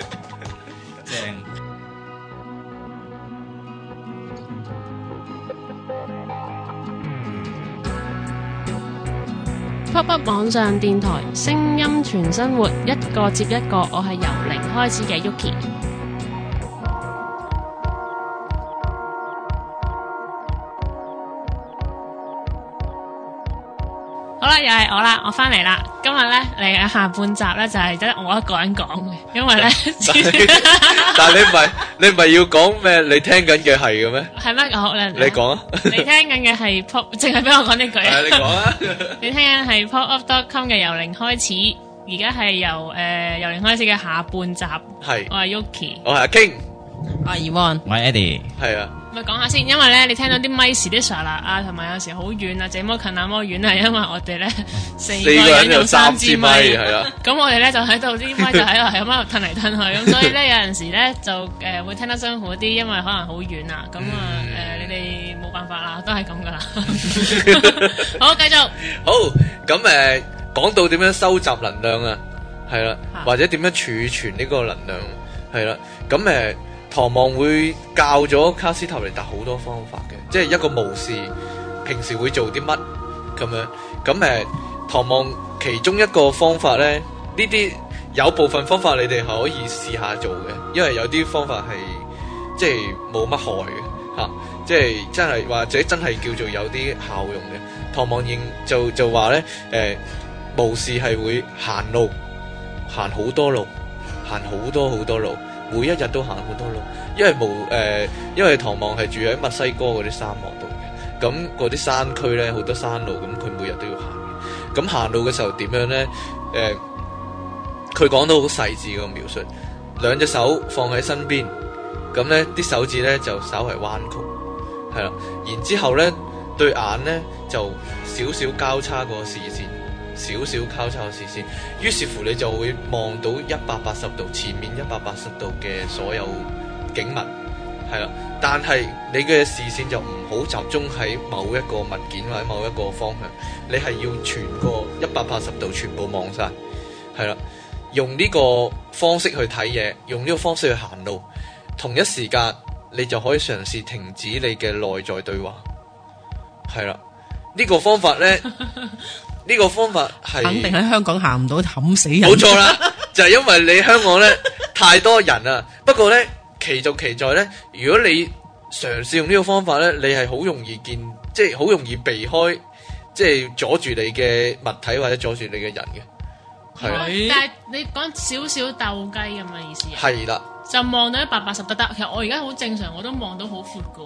正。Pop up 網上電台，聲音全生活，一個接一個，我係由零開始嘅 Yuki。好啦，又係我啦，我翻嚟啦。今日咧，嚟下半集咧，就係得我一個人講嘅，因為咧。但係你唔係，你唔係要講咩？你聽緊嘅係嘅咩？係咩我咧？你講啊！你聽緊嘅係 pop，淨係俾我講呢句。係你講啊！你聽緊係 pop up dot com 嘅由零開始，而家係由誒由零開始嘅下半集。係。我係 Yuki，我係阿 King，阿 Ewan，我係 Eddie，係啊。咪講下先，因為咧你聽到啲咪時啲沙啦同埋有時好遠啊，這麼近那麼遠啊，因為我哋咧四,四個人有三支咪。係啦咁我哋咧就喺度啲咪就喺度喺度褪嚟褪去，咁所以咧有陣時咧就誒、呃、會聽得辛苦啲，因為可能好遠啊，咁啊誒你哋冇辦法啦，都係咁噶啦。 好，繼續。好，咁誒講到點樣收集能量啊，係啦，或者點樣儲存呢個能量係啦，咁誒。 唐望會教咗卡斯塔尼達好多方法嘅，即係一個無事平時會做啲乜咁樣。咁誒，唐望其中一個方法咧，呢啲有部分方法你哋可以試下做嘅，因為有啲方法係即係冇乜害嘅吓，即係、啊、真係或者真係叫做有啲效用嘅。唐望應就就話咧，誒，無事係會行路，行好多路，行好多好多路。每一日都行好多路，因為無誒、呃，因為唐望係住喺墨西哥嗰啲沙漠度嘅，咁嗰啲山區咧好多山路，咁佢每日都要行。咁行路嘅時候點樣咧？誒、呃，佢講到好細緻個描述，兩隻手放喺身邊，咁咧啲手指咧就稍為彎曲，係啦，然之後咧對眼咧就少少交叉個視線。少少交叉視線，於是乎你就會望到一百八十度前面一百八十度嘅所有景物，係啦。但係你嘅視線就唔好集中喺某一個物件或者某一個方向，你係要全個一百八十度全部望晒。係啦。用呢個方式去睇嘢，用呢個方式去行路，同一時間你就可以嘗試停止你嘅內在對話，係啦。呢、呢個方法呢。 呢個方法係肯定喺香港行唔到冚死人，冇錯啦， 就係因為你香港咧太多人啦。不過咧，奇就奇在咧，如果你嘗試用呢個方法咧，你係好容易見，即係好容易避開，即係阻住你嘅物體或者阻住你嘅人嘅。係是，但係你講少少鬥雞咁嘅意思。係啦的，就望到一百八十度得。其實我而家好正常，我都望到好闊噶。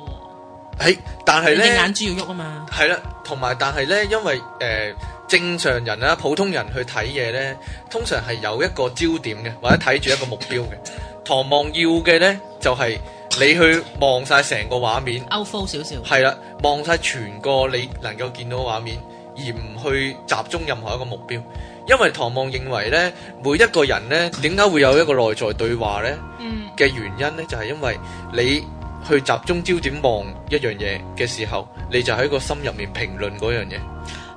喺、欸，但係咧你眼珠要喐啊嘛。係啦，同埋但係咧，因為誒。呃呃呃正常人啦，普通人去睇嘢咧，通常係有一個焦點嘅，或者睇住一個目標嘅。唐望要嘅咧，就係、是、你去望晒成個畫面，outflow 少少，係啦，望晒全個你能夠見到嘅畫面，而唔去集中任何一個目標。因為唐望認為呢，每一個人呢點解會有一個內在對話呢嘅、嗯、原因呢就係、是、因為你去集中焦點望一樣嘢嘅時候，你就喺個心入面評論嗰樣嘢。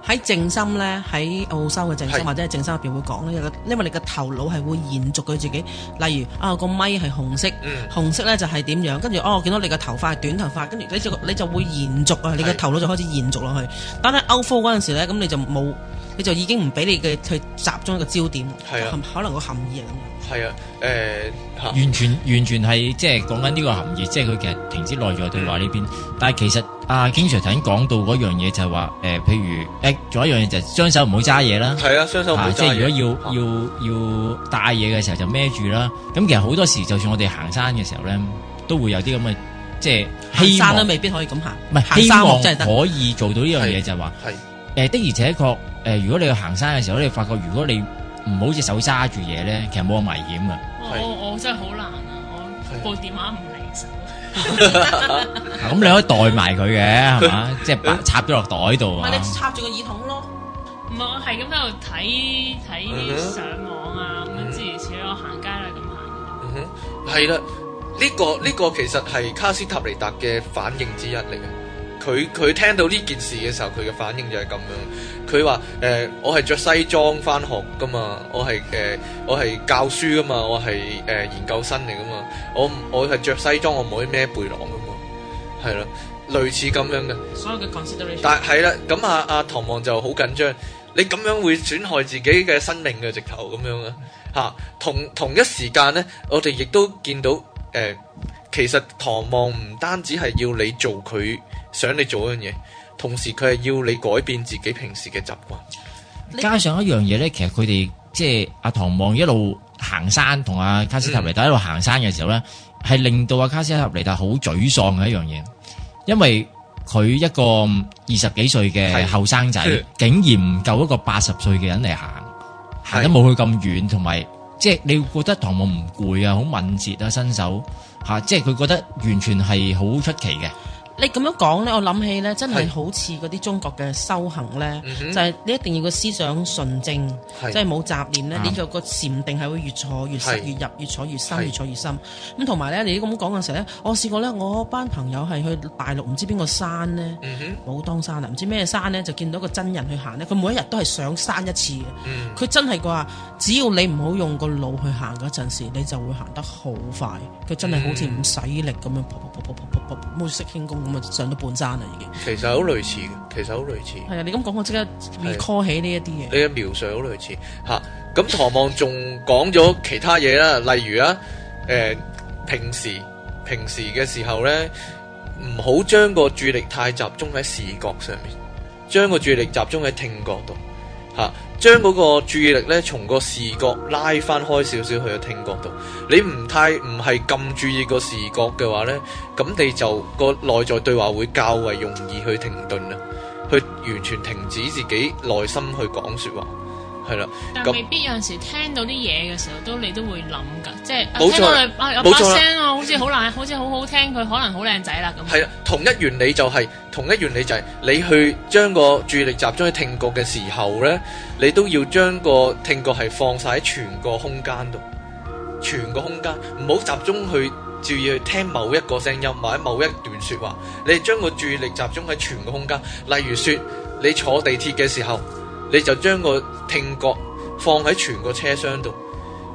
喺靜心呢，喺澳洲嘅靜心或者喺靜心入邊會講呢。因為你個頭腦係會延續佢自己。例如啊，個咪係紅色，嗯、紅色呢就係點樣，跟住哦，我見到你個頭髮係短頭髮，跟住你就你就會延續啊，嗯、你個頭腦就開始延續落去。是但係 outflow 嗰陣時呢，咁你就冇。佢就已經唔俾你嘅去集中一個焦點，含可能個含義啊咁。係啊，誒，完全完全係即係講緊呢個含義，即係佢其實停止內在對話呢邊。但係其實啊，經 Sir 頭先講到嗰樣嘢就係話誒，譬如誒，仲有一樣嘢就係雙手唔好揸嘢啦。係啊，雙手唔好揸嘢。即係如果要要要帶嘢嘅時候就孭住啦。咁其實好多時，就算我哋行山嘅時候咧，都會有啲咁嘅即係。行山都未必可以咁行，唔係。希望真係得可以做到呢樣嘢就係話係。誒，的而且確，誒，如果你去行山嘅時候，你發覺如果你唔好隻手揸住嘢咧，其實冇咁危險嘅。我我真係好難啊，我部電話唔離手。咁你可以 袋埋佢嘅，係嘛？即係插咗落袋度啊。你插住個耳筒咯。唔係，我係咁喺度睇睇啲上網啊，咁之如此我行街都咁行。嗯哼，係啦，呢個呢個其實係卡斯塔尼達嘅反應之一嚟嘅。佢佢聽到呢件事嘅時候，佢嘅反應就係咁樣。佢話：誒、呃，我係着西裝翻學噶嘛，我係誒、呃，我係教書噶嘛，我係誒、呃、研究生嚟噶嘛，我我係着西裝，我唔可以孭背囊噶嘛。係咯，類似咁樣嘅。所有嘅 consideration 呢？但係係啦，咁阿阿唐望就好緊張。你咁樣會損害自己嘅生命嘅直頭咁樣嘅嚇、啊！同同一時間咧，我哋亦都見到誒、呃，其實唐望唔單止係要你做佢。想你做一樣嘢，同時佢係要你改變自己平時嘅習慣。加上一樣嘢咧，其實佢哋即係阿唐望一路行山，同阿卡斯塔尼達一路行山嘅時候咧，係令到阿卡斯塔尼達好沮喪嘅一樣嘢。因為佢一個二十幾歲嘅後生仔，竟然唔夠一個八十歲嘅人嚟，行，行得冇佢咁遠，同埋即係你會覺得唐望唔攰啊，好敏捷啊，身手吓，即係佢覺得完全係好出奇嘅。你咁樣講咧，我諗起咧，真係好似嗰啲中國嘅修行咧，mm hmm. 就係你一定要個思想純正，即係冇雜念咧，你就、mm hmm. 個禪定係會越坐越越入，mm hmm. 越坐越深，越坐越深。咁同埋咧，你咁講嘅時候咧，我試過咧，我班朋友係去大陸唔知邊個山咧，武當、mm hmm. 山啊，唔知咩山咧，就見到個真人去行咧，佢每一日都係上山一次嘅。佢、mm hmm. 真係話，只要你唔好用個腦去行嗰陣時，你就會行得好快。佢真係好似唔使力咁樣，噗噗噗噗噗噗噗，無色輕功。咁啊，上到半山啦，已經。其實好類似嘅，其實好類似。係啊，你咁講，我即刻 recall 起呢一啲嘢。你嘅描述好類似嚇，咁唐望仲講咗其他嘢啦， 例如啊，誒、呃、平時平時嘅時候咧，唔好將個注意力太集中喺視覺上面，將個注意力集中喺聽覺度嚇。啊將嗰個注意力咧，從個視覺拉翻開少少去個聽覺度。你唔太唔係咁注意個視覺嘅話咧，咁你就、個內在對話會較為容易去停頓啊，去完全停止自己內心去講説話。係啦，但未必有陣時聽到啲嘢嘅時候，都你都會諗噶，即係錯、啊、聽到佢有把聲啊，聲好似好難，好似好好聽，佢可能好靚仔啦咁。係啊，同一原理就係、是，同一原理就係、是，你去將個注意力集中喺聽覺嘅時候咧，你都要將個聽覺係放晒喺全個空間度，全個空間，唔好集中去注意去聽某一個聲音，或者某一段説話，你將個注意力集中喺全個空間。例如説，你坐地鐵嘅時候。你就將個聽覺放喺全個車廂度，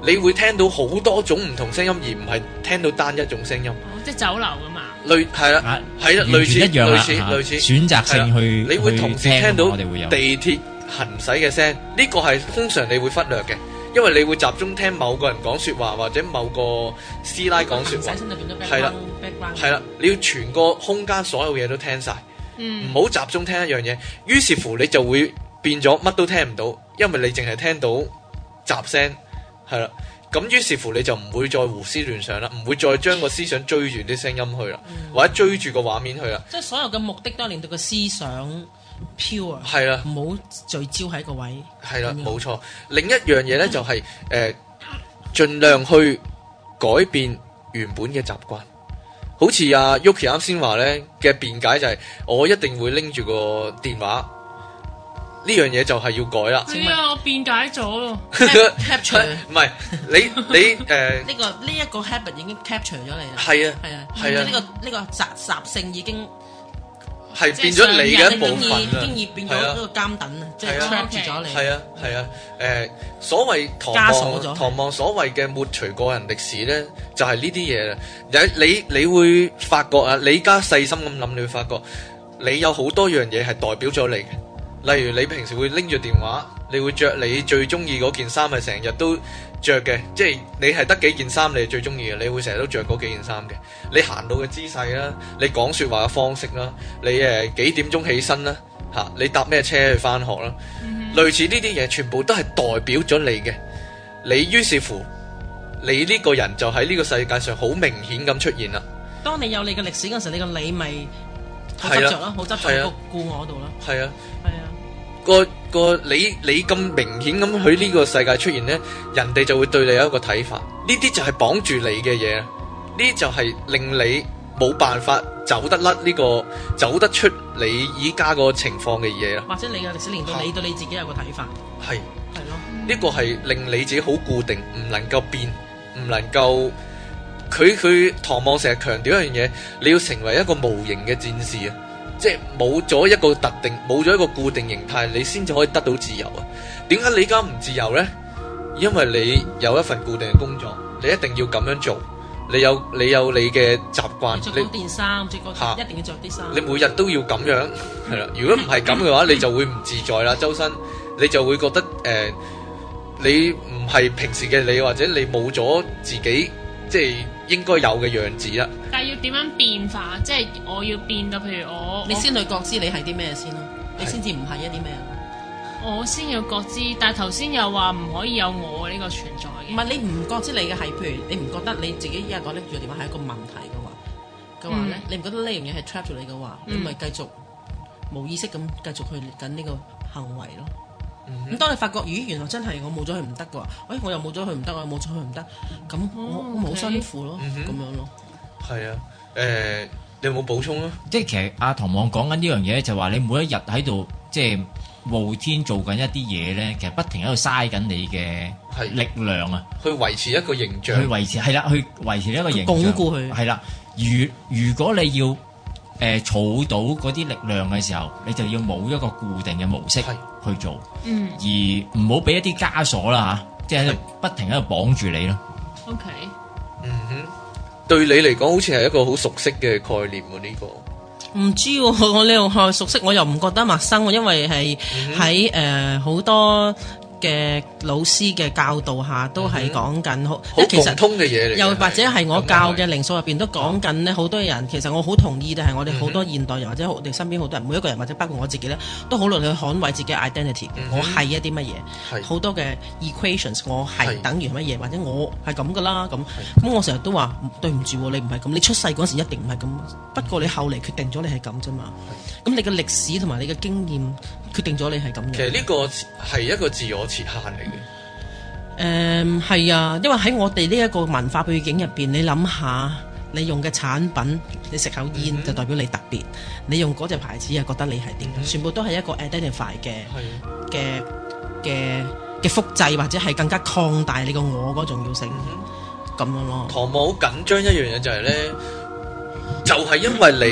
你會聽到好多種唔同聲音，而唔係聽到單一種聲音。即係酒樓㗎嘛？類係啦，係啦，類似一樣啦，類似。選擇性去，你會同時聽到地鐵行駛嘅聲，呢個係通常你會忽略嘅，因為你會集中聽某個人講說話或者某個師奶講說話。係啦，係啦，你要全個空間所有嘢都聽晒，唔好集中聽一樣嘢。於是乎，你就會。變咗乜都聽唔到，因為你淨係聽到雜聲，係啦，咁於是乎你就唔會再胡思亂想啦，唔會再將個思想追住啲聲音去啦，嗯、或者追住個畫面去啦、嗯。即係所有嘅目的都係令到個思想飄的，係啦，唔好聚焦喺個位。係啦的，冇錯樣。另一樣嘢呢，就係、是、誒，盡、呃、量去改變原本嘅習慣。好似阿 Yuki 啱先話呢嘅辯解就係、是，我一定會拎住個電話。嗯呢樣嘢就係要改啦。點解我變解咗 capture 唔係你你誒呢個呢一個 habit 已經 capture 咗你啦。係啊係啊，係啊，呢個呢個習性已經係變咗你嘅一部分啦。經已變咗呢個監等啦，即係住咗你。係啊係啊，誒所謂唐望唐望所謂嘅抹除個人歷史咧，就係呢啲嘢啦。有你你會發覺啊，你而家細心咁諗，你會發覺你有好多樣嘢係代表咗你。例如你平時會拎住電話，你會着你最中意嗰件衫，係成日都着嘅。即係你係得幾件衫你最中意嘅，你會成日都着嗰幾件衫嘅。你行路嘅姿勢啦，你講說話嘅方式啦，你誒幾點鐘起身啦，吓你搭咩車去翻學啦，類似呢啲嘢全部都係代表咗你嘅。你於是乎，你呢個人就喺呢個世界上好明顯咁出現啦。當你有你嘅歷史嘅時候，你個你咪、就是。好執着咯，係啦，好執着咯，係啊，固我嗰度啦，係啊，係啊，個個你你咁明顯咁喺呢個世界出現咧，人哋就會對你有一個睇法，呢啲就係綁住你嘅嘢，呢就係令你冇辦法走得甩呢個走得出你而家個情況嘅嘢啦。或者你嘅歷史年代，你對你自己有個睇法，係係咯，呢個係令你自己好固定，唔能夠變，唔能夠。佢佢唐望成日強調一樣嘢，你要成為一個無形嘅戰士啊！即係冇咗一個特定，冇咗一個固定形態，你先至可以得到自由啊！點解你而家唔自由呢？因為你有一份固定嘅工作，你一定要咁樣做。你有你有你嘅習慣，你着嗰，一定要着啲衫。你每日都要咁樣係啦。如果唔係咁嘅話，你就會唔自在啦， 周身你就會覺得誒、呃，你唔係平時嘅你，或者你冇咗自己即係。應該有嘅樣子啦，但係要點樣變化？即係我要變到，譬如我你先去覺知你係啲咩先咯，是你先至唔係一啲咩咯。我先要覺知，但係頭先又話唔可以有我呢個存在嘅。唔係你唔覺知你嘅係，譬如你唔覺得你自己依家講拎住電話係一個問題嘅話嘅話咧，嗯、你唔覺得呢樣嘢係 trap 住你嘅話，嗯、你咪繼續無意識咁繼續去緊呢個行為咯。咁當你發覺，咦，原來真係我冇咗佢唔得嘅喎，哎，我又冇咗佢唔得，我又冇咗佢唔得，咁好辛苦咯，咁樣咯，係啊，誒，你有冇補充啊？即係其實阿唐望講緊呢樣嘢咧，就話你每一日喺度即係無天做緊一啲嘢咧，其實不停喺度嘥緊你嘅力量啊，去維持一個形象，去維持係啦，去維持一個形象，鞏固佢係啦。如如果你要，誒儲、呃、到嗰啲力量嘅時候，你就要冇一個固定嘅模式去做，是而唔好俾一啲枷鎖啦嚇，是即係不停喺度綁住你咯。O Okay . K，嗯哼，對你嚟講好似係一個好熟悉嘅概念喎、啊，呢、這個唔知喎、啊，我呢度學熟悉，我又唔覺得陌生喎、啊，因為係喺誒好多。嘅老師嘅教導下，都係講緊好，其實共通嘅嘢嚟。又或者係我教嘅靈數入邊都講緊呢，好多人其實我好同意，但係我哋好多現代人或者我哋身邊好多人，每一個人或者包括我自己咧，都好努力去捍衞自己 identity，我係一啲乜嘢，好多嘅 equations，我係等於乜嘢，或者我係咁噶啦，咁咁我成日都話，對唔住你唔係咁，你出世嗰陣時一定唔係咁，不過你後嚟決定咗你係咁啫嘛，咁你嘅歷史同埋你嘅經驗決定咗你係咁嘅。其實呢個係一個自我切線嚟嘅，係啊、呃，因為喺我哋呢一個文化背景入邊，你諗下，你用嘅產品，你食口煙就代表你特別，嗯、哼你用嗰隻牌子又覺得你係點，嗯、哼全部都係一個 identify 嘅嘅嘅嘅複製或者係更加擴大你個我嗰重要性，咁、嗯、哼樣咯。唐望好緊張一樣嘢就係、是、咧，就係、是、因為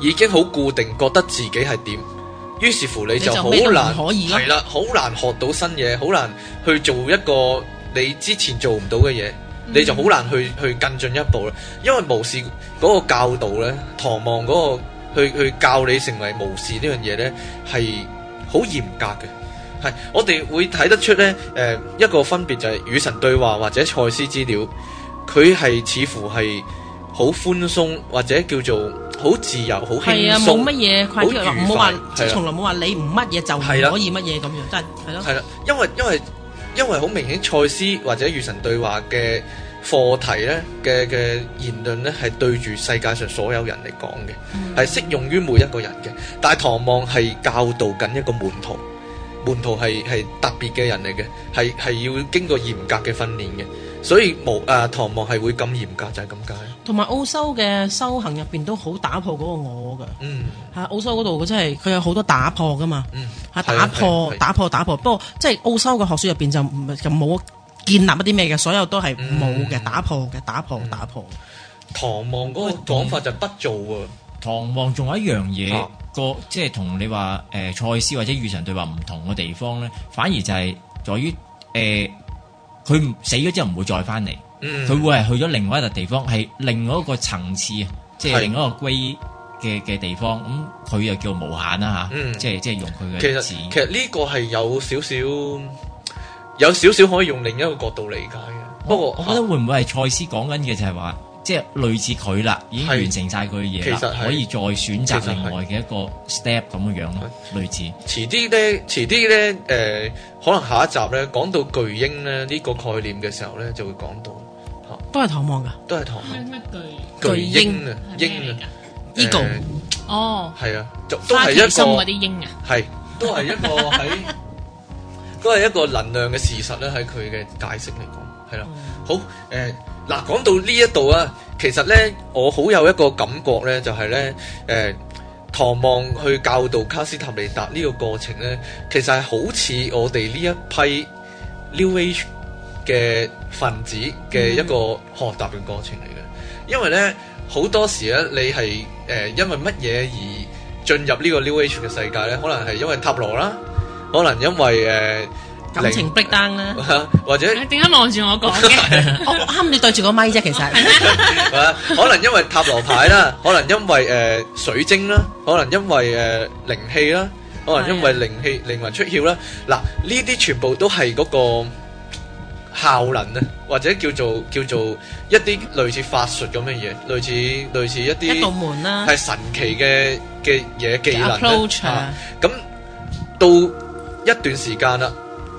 你已經好固定覺得自己係點。於是乎你就好難，係啦、啊，好難學到新嘢，好難去做一個你之前做唔到嘅嘢，嗯、你就好難去去更進一步啦。因為巫士嗰個教導咧，唐望嗰個去去教你成為巫士呢樣嘢咧，係好嚴格嘅。係我哋會睇得出咧，誒、呃、一個分別就係與神對話或者賽斯資料，佢係似乎係好寬鬆或者叫做，好自由，好輕鬆，係啊，冇乜嘢，好愉快，冇話說，從、啊、來冇話你唔乜嘢就可以乜嘢咁樣，真係咯。係啦、啊啊，因為因為因為好明顯，賽斯或者與神對話嘅課題咧嘅嘅言論咧，係對住世界上所有人嚟講嘅，係適、嗯、用於每一個人嘅。但係唐望係教導緊一個門徒，門徒係係特別嘅人嚟嘅，係係要經過嚴格嘅訓練嘅，所以無誒、啊、唐望係會咁嚴格就係咁解。同埋奧修嘅修行入邊都好打破嗰個我嘅，嚇奧修嗰度佢真係，佢有好多打破噶嘛，嚇打破打破打破。不過即係奧修嘅學術入邊就唔就冇建立一啲咩嘅，所有都係冇嘅，打破嘅，打破打破。唐望嗰個講法就不做啊！唐、嗯、望仲有一樣嘢、啊、個，即係同你話誒賽斯或者與神對話唔同嘅地方咧，反而就係在於誒佢死咗之後唔會再翻嚟。佢、嗯、會係去咗另外一個地方，係另外一個層次，即係另外一個龜嘅嘅地方。咁佢又叫無限啦吓，嗯、即係即係用佢嘅字。其實其實呢個係有少少，有少少可以用另一個角度理解嘅。不過我，我覺得會唔會係蔡司講緊嘅就係話，即係類似佢啦，已經完成晒佢嘅嘢其實，可以再選擇另外嘅一個 step 咁嘅樣類似遲啲咧，遲啲咧，誒、呃，可能下一集咧講到巨鷹咧呢、這個概念嘅時候咧，就會講到。都係唐望噶，都係唐咩巨巨鷹啊，鷹啊，eagle。呃、哦，係啊，都係一個。啲鷹、哦、啊，係都係一個喺， 都係一個能量嘅事實咧，喺佢嘅解釋嚟講，係、嗯呃、啦。好，誒嗱，講到呢一度啊，其實咧，我好有一個感覺咧，就係、是、咧，誒、呃，唐望去教導卡斯塔利達呢個過程咧，其實係好似我哋呢一批 new、Age 嘅分子嘅一個學習嘅過程嚟嘅，因為咧好多時咧你係誒、呃、因為乜嘢而進入呢個 New Age 嘅世界咧？可能係因為塔羅啦，可能因為誒、呃、感情逼單啦，或者你點解望住我講嘅？我啱你對住個咪啫，其實可能因為塔羅牌啦，可能因為誒、呃、水晶啦，可能因為誒靈氣啦，可能因為靈氣靈魂出竅啦。嗱，呢啲全部都係嗰、嗰個。效能啊，或者叫做叫做一啲類似法術咁嘅嘢，類似類似一啲一道門啦，係神奇嘅嘅嘢技能啊。咁到一段時間啦，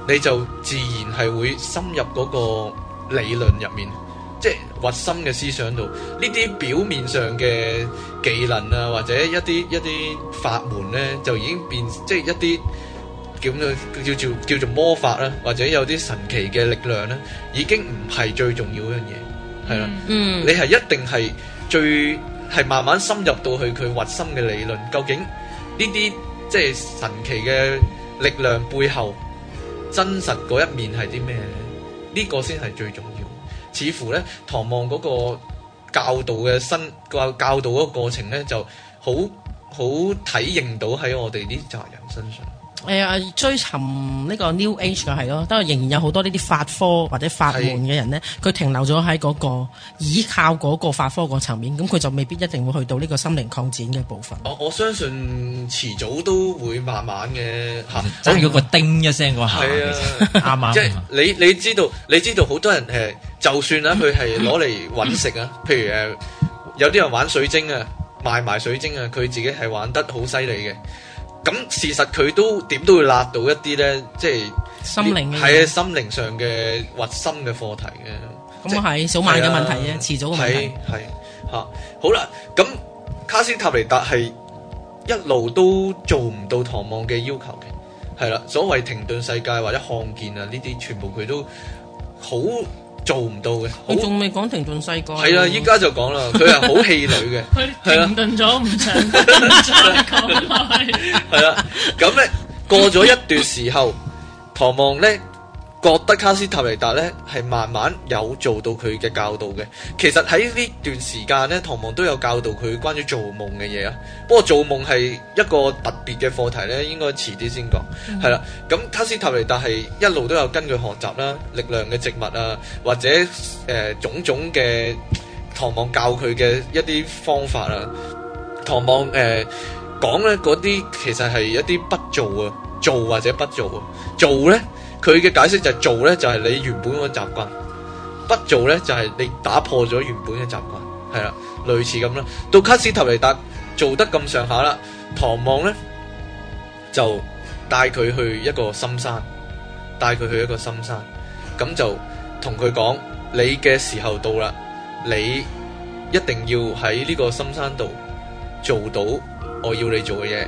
你就自然係會深入嗰個理論入面，即係核心嘅思想度。呢啲表面上嘅技能啊，或者一啲一啲法門咧，就已經變即係一啲。叫叫叫做魔法啦，或者有啲神奇嘅力量咧，已經唔係最重要嗰樣嘢，係啦，嗯嗯、你係一定係最係慢慢深入到去佢核心嘅理論，究竟呢啲即係神奇嘅力量背後真實一面係啲咩咧？呢、呢個先係最重要。似乎咧，唐望個教導嘅新個教導個過程咧，就好好體認到喺我哋啲責人身上。誒啊，追尋呢個 new age 嘅係咯，但係仍然有好多呢啲法科或者法門嘅人咧，佢是停留咗喺嗰個依靠嗰個法科嗰個層面，咁佢就未必一定會去到呢個心靈擴展嘅部分。我我相信遲早都會慢慢嘅嚇，即係嗰個叮一聲嗰下，啱唔啱？即係你你知道，你知道好多人誒，就算啊，佢係攞嚟揾食啊，譬如誒，有啲人玩水晶啊，賣埋水晶啊，佢自己係玩得好犀利嘅。咁事實佢都點都會辣到一啲咧，即係心靈，係啊是，心靈上嘅核心嘅課題嘅，咁啊係少萬嘅問題啫，啊、遲早咁。係係、啊、好啦，咁卡斯塔尼達係一路都做唔到唐望嘅要求嘅，係啦，所謂停頓世界或者看見啊呢啲，全部佢都好。做唔到嘅，我仲未講停頓細個、啊，係啦、啊，依家就講啦，佢係好氣女嘅，佢 停頓咗唔長時間，係啦 咁咧過咗一段時候，唐望咧。覺得卡斯塔尼達咧係慢慢有做到佢嘅教導嘅，其實喺呢段時間咧，唐望都有教導佢關於做夢嘅嘢啊。不過做夢係一個特別嘅課題咧，應該遲啲先講。係啦，咁卡斯塔尼達係一路都有跟佢學習啦，力量嘅植物啊，或者誒種種嘅唐望教佢嘅一啲方法啊，唐望誒講咧嗰啲其實係一啲不做啊，做或者不做啊，做咧。佢嘅解釋就係做咧，就係你原本嘅習慣；不做咧，就係你打破咗原本嘅習慣。係啦，類似咁啦。到卡斯塔尼達做得咁上下啦，唐望咧就帶佢去一個深山，帶佢去一個深山，咁就同佢講：你嘅時候到啦，你一定要喺呢個深山度做到我要你做嘅嘢。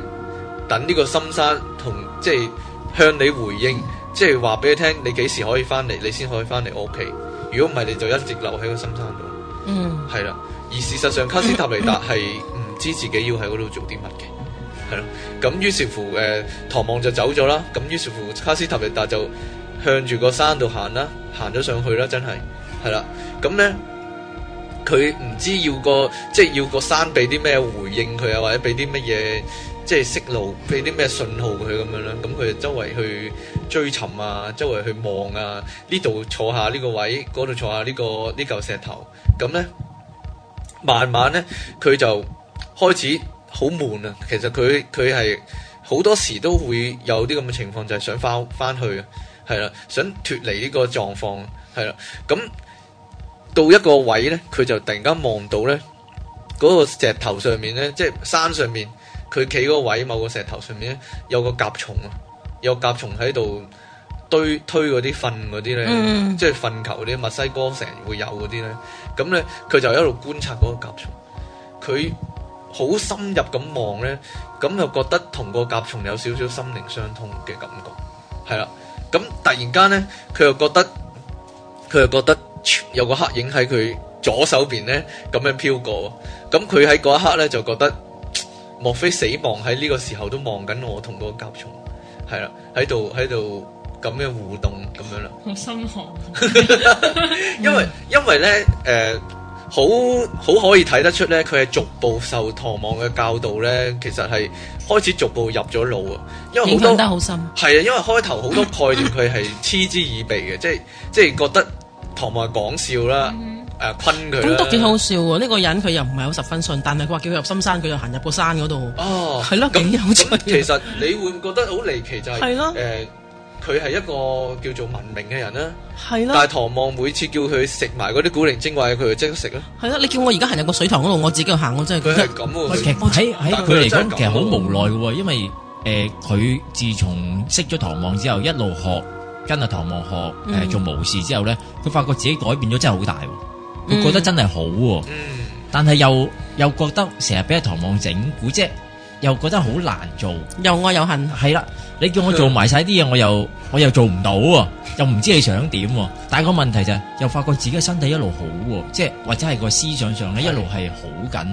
等呢個深山同即係向你回應。即係話俾佢聽，你幾時可以翻嚟，你先可以翻嚟我屋企。如果唔係，你就一直留喺個深山度。嗯，係啦。而事實上，卡斯塔尼達係唔知自己要喺嗰度做啲乜嘅，係咯。咁於是乎，誒、呃，唐望就走咗啦。咁於是乎，卡斯塔尼達就向住個山度行啦，行咗上去啦。真係，係啦。咁咧，佢唔知要個即係要個山俾啲咩回應佢啊，或者俾啲乜嘢。即係識路俾啲咩信號佢咁樣啦，咁佢周圍去追尋啊，周圍去望啊，呢度坐下呢個位，嗰度坐下呢、這個呢嚿、這個、石頭，咁咧慢慢咧佢就開始好悶啊。其實佢佢係好多時都會有啲咁嘅情況，就係、是、想返返去啊，係啦，想脫離呢個狀況，係啦。咁到一個位咧，佢就突然間望到咧嗰、那個石頭上面咧，即係山上面。佢企嗰個位，某個石頭上面咧，有個甲蟲啊，有甲蟲喺度堆推嗰啲糞嗰啲咧，呢嗯、即係糞球啲，墨西哥成日會有嗰啲咧，咁咧佢就一路觀察嗰個甲蟲，佢好深入咁望咧，咁又覺得同個甲蟲有少少心靈相通嘅感覺，係啦，咁突然間咧，佢又覺得佢又覺得有個黑影喺佢左手邊咧，咁樣飄過，咁佢喺嗰一刻咧就覺得。莫非死亡喺呢個時候都望緊我同嗰個甲蟲，係啦，喺度喺度咁樣互動咁樣啦。我心寒，因為因為咧誒，好好可以睇得出咧，佢係逐步受唐望嘅教導咧，其實係開始逐步入咗腦啊。因為好多係啊，因為開頭好多概念佢係嗤之以鼻嘅， 即係即係覺得唐望係講笑啦。 誒困佢，咁都幾好笑喎！呢個人佢又唔係好十分信，但係佢話叫佢入深山，佢又行入個山嗰度。哦，係咯，其實你會唔覺得好離奇就係誒，佢係一個叫做文明嘅人啦。係咯，但係唐望每次叫佢食埋嗰啲古靈精怪，佢就即刻食啦。係啦，你叫我而家行入個水塘嗰度，我自己去行，我真係佢係咁喎。佢嚟講，其實好無奈嘅喎，因為誒佢自從識咗唐望之後，一路學跟阿唐望學誒做武士之後咧，佢發覺自己改變咗，真係好大。佢、嗯、覺得真係好、啊，嗯、但係又又覺得成日俾阿唐望整蠱啫，又覺得好難做，又愛又恨。係啦，你叫我做埋晒啲嘢，我又我又做唔到、啊，又唔知你想點、啊。但係個問題就係、是，又發覺自己嘅身體一路好、啊，即係或者係個思想上咧的一路係好緊。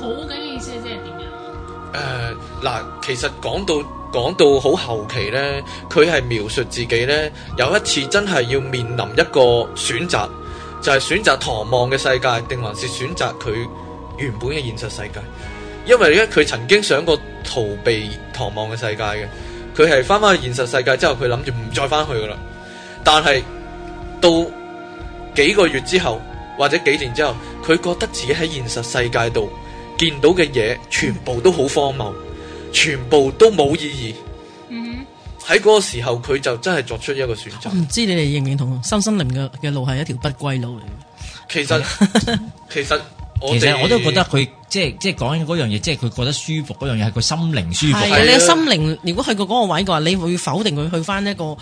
好緊嘅意思即係點樣？誒，嗱，其實講到講到好後期咧，佢係描述自己咧有一次真係要面臨一個選擇。就係選擇唐望嘅世界，定還是選擇佢原本嘅現實世界？因為咧，佢曾經想過逃避唐望嘅世界嘅，佢係翻返去現實世界之後，佢諗住唔再翻去噶啦。但係到幾個月之後，或者幾年之後，佢覺得自己喺現實世界度見到嘅嘢，全部都好荒謬，全部都冇意義。喺嗰個時候，佢就真係作出一個選擇。唔知你哋認唔認同，心心靈嘅嘅路係一條不歸路嚟。其實其實 其實我都覺得佢即係即係講緊嗰樣嘢，即係佢覺得舒服嗰樣嘢係佢心靈舒服。係、啊啊、你個心靈，如果去過嗰個位嘅話，你會否定佢去翻一個係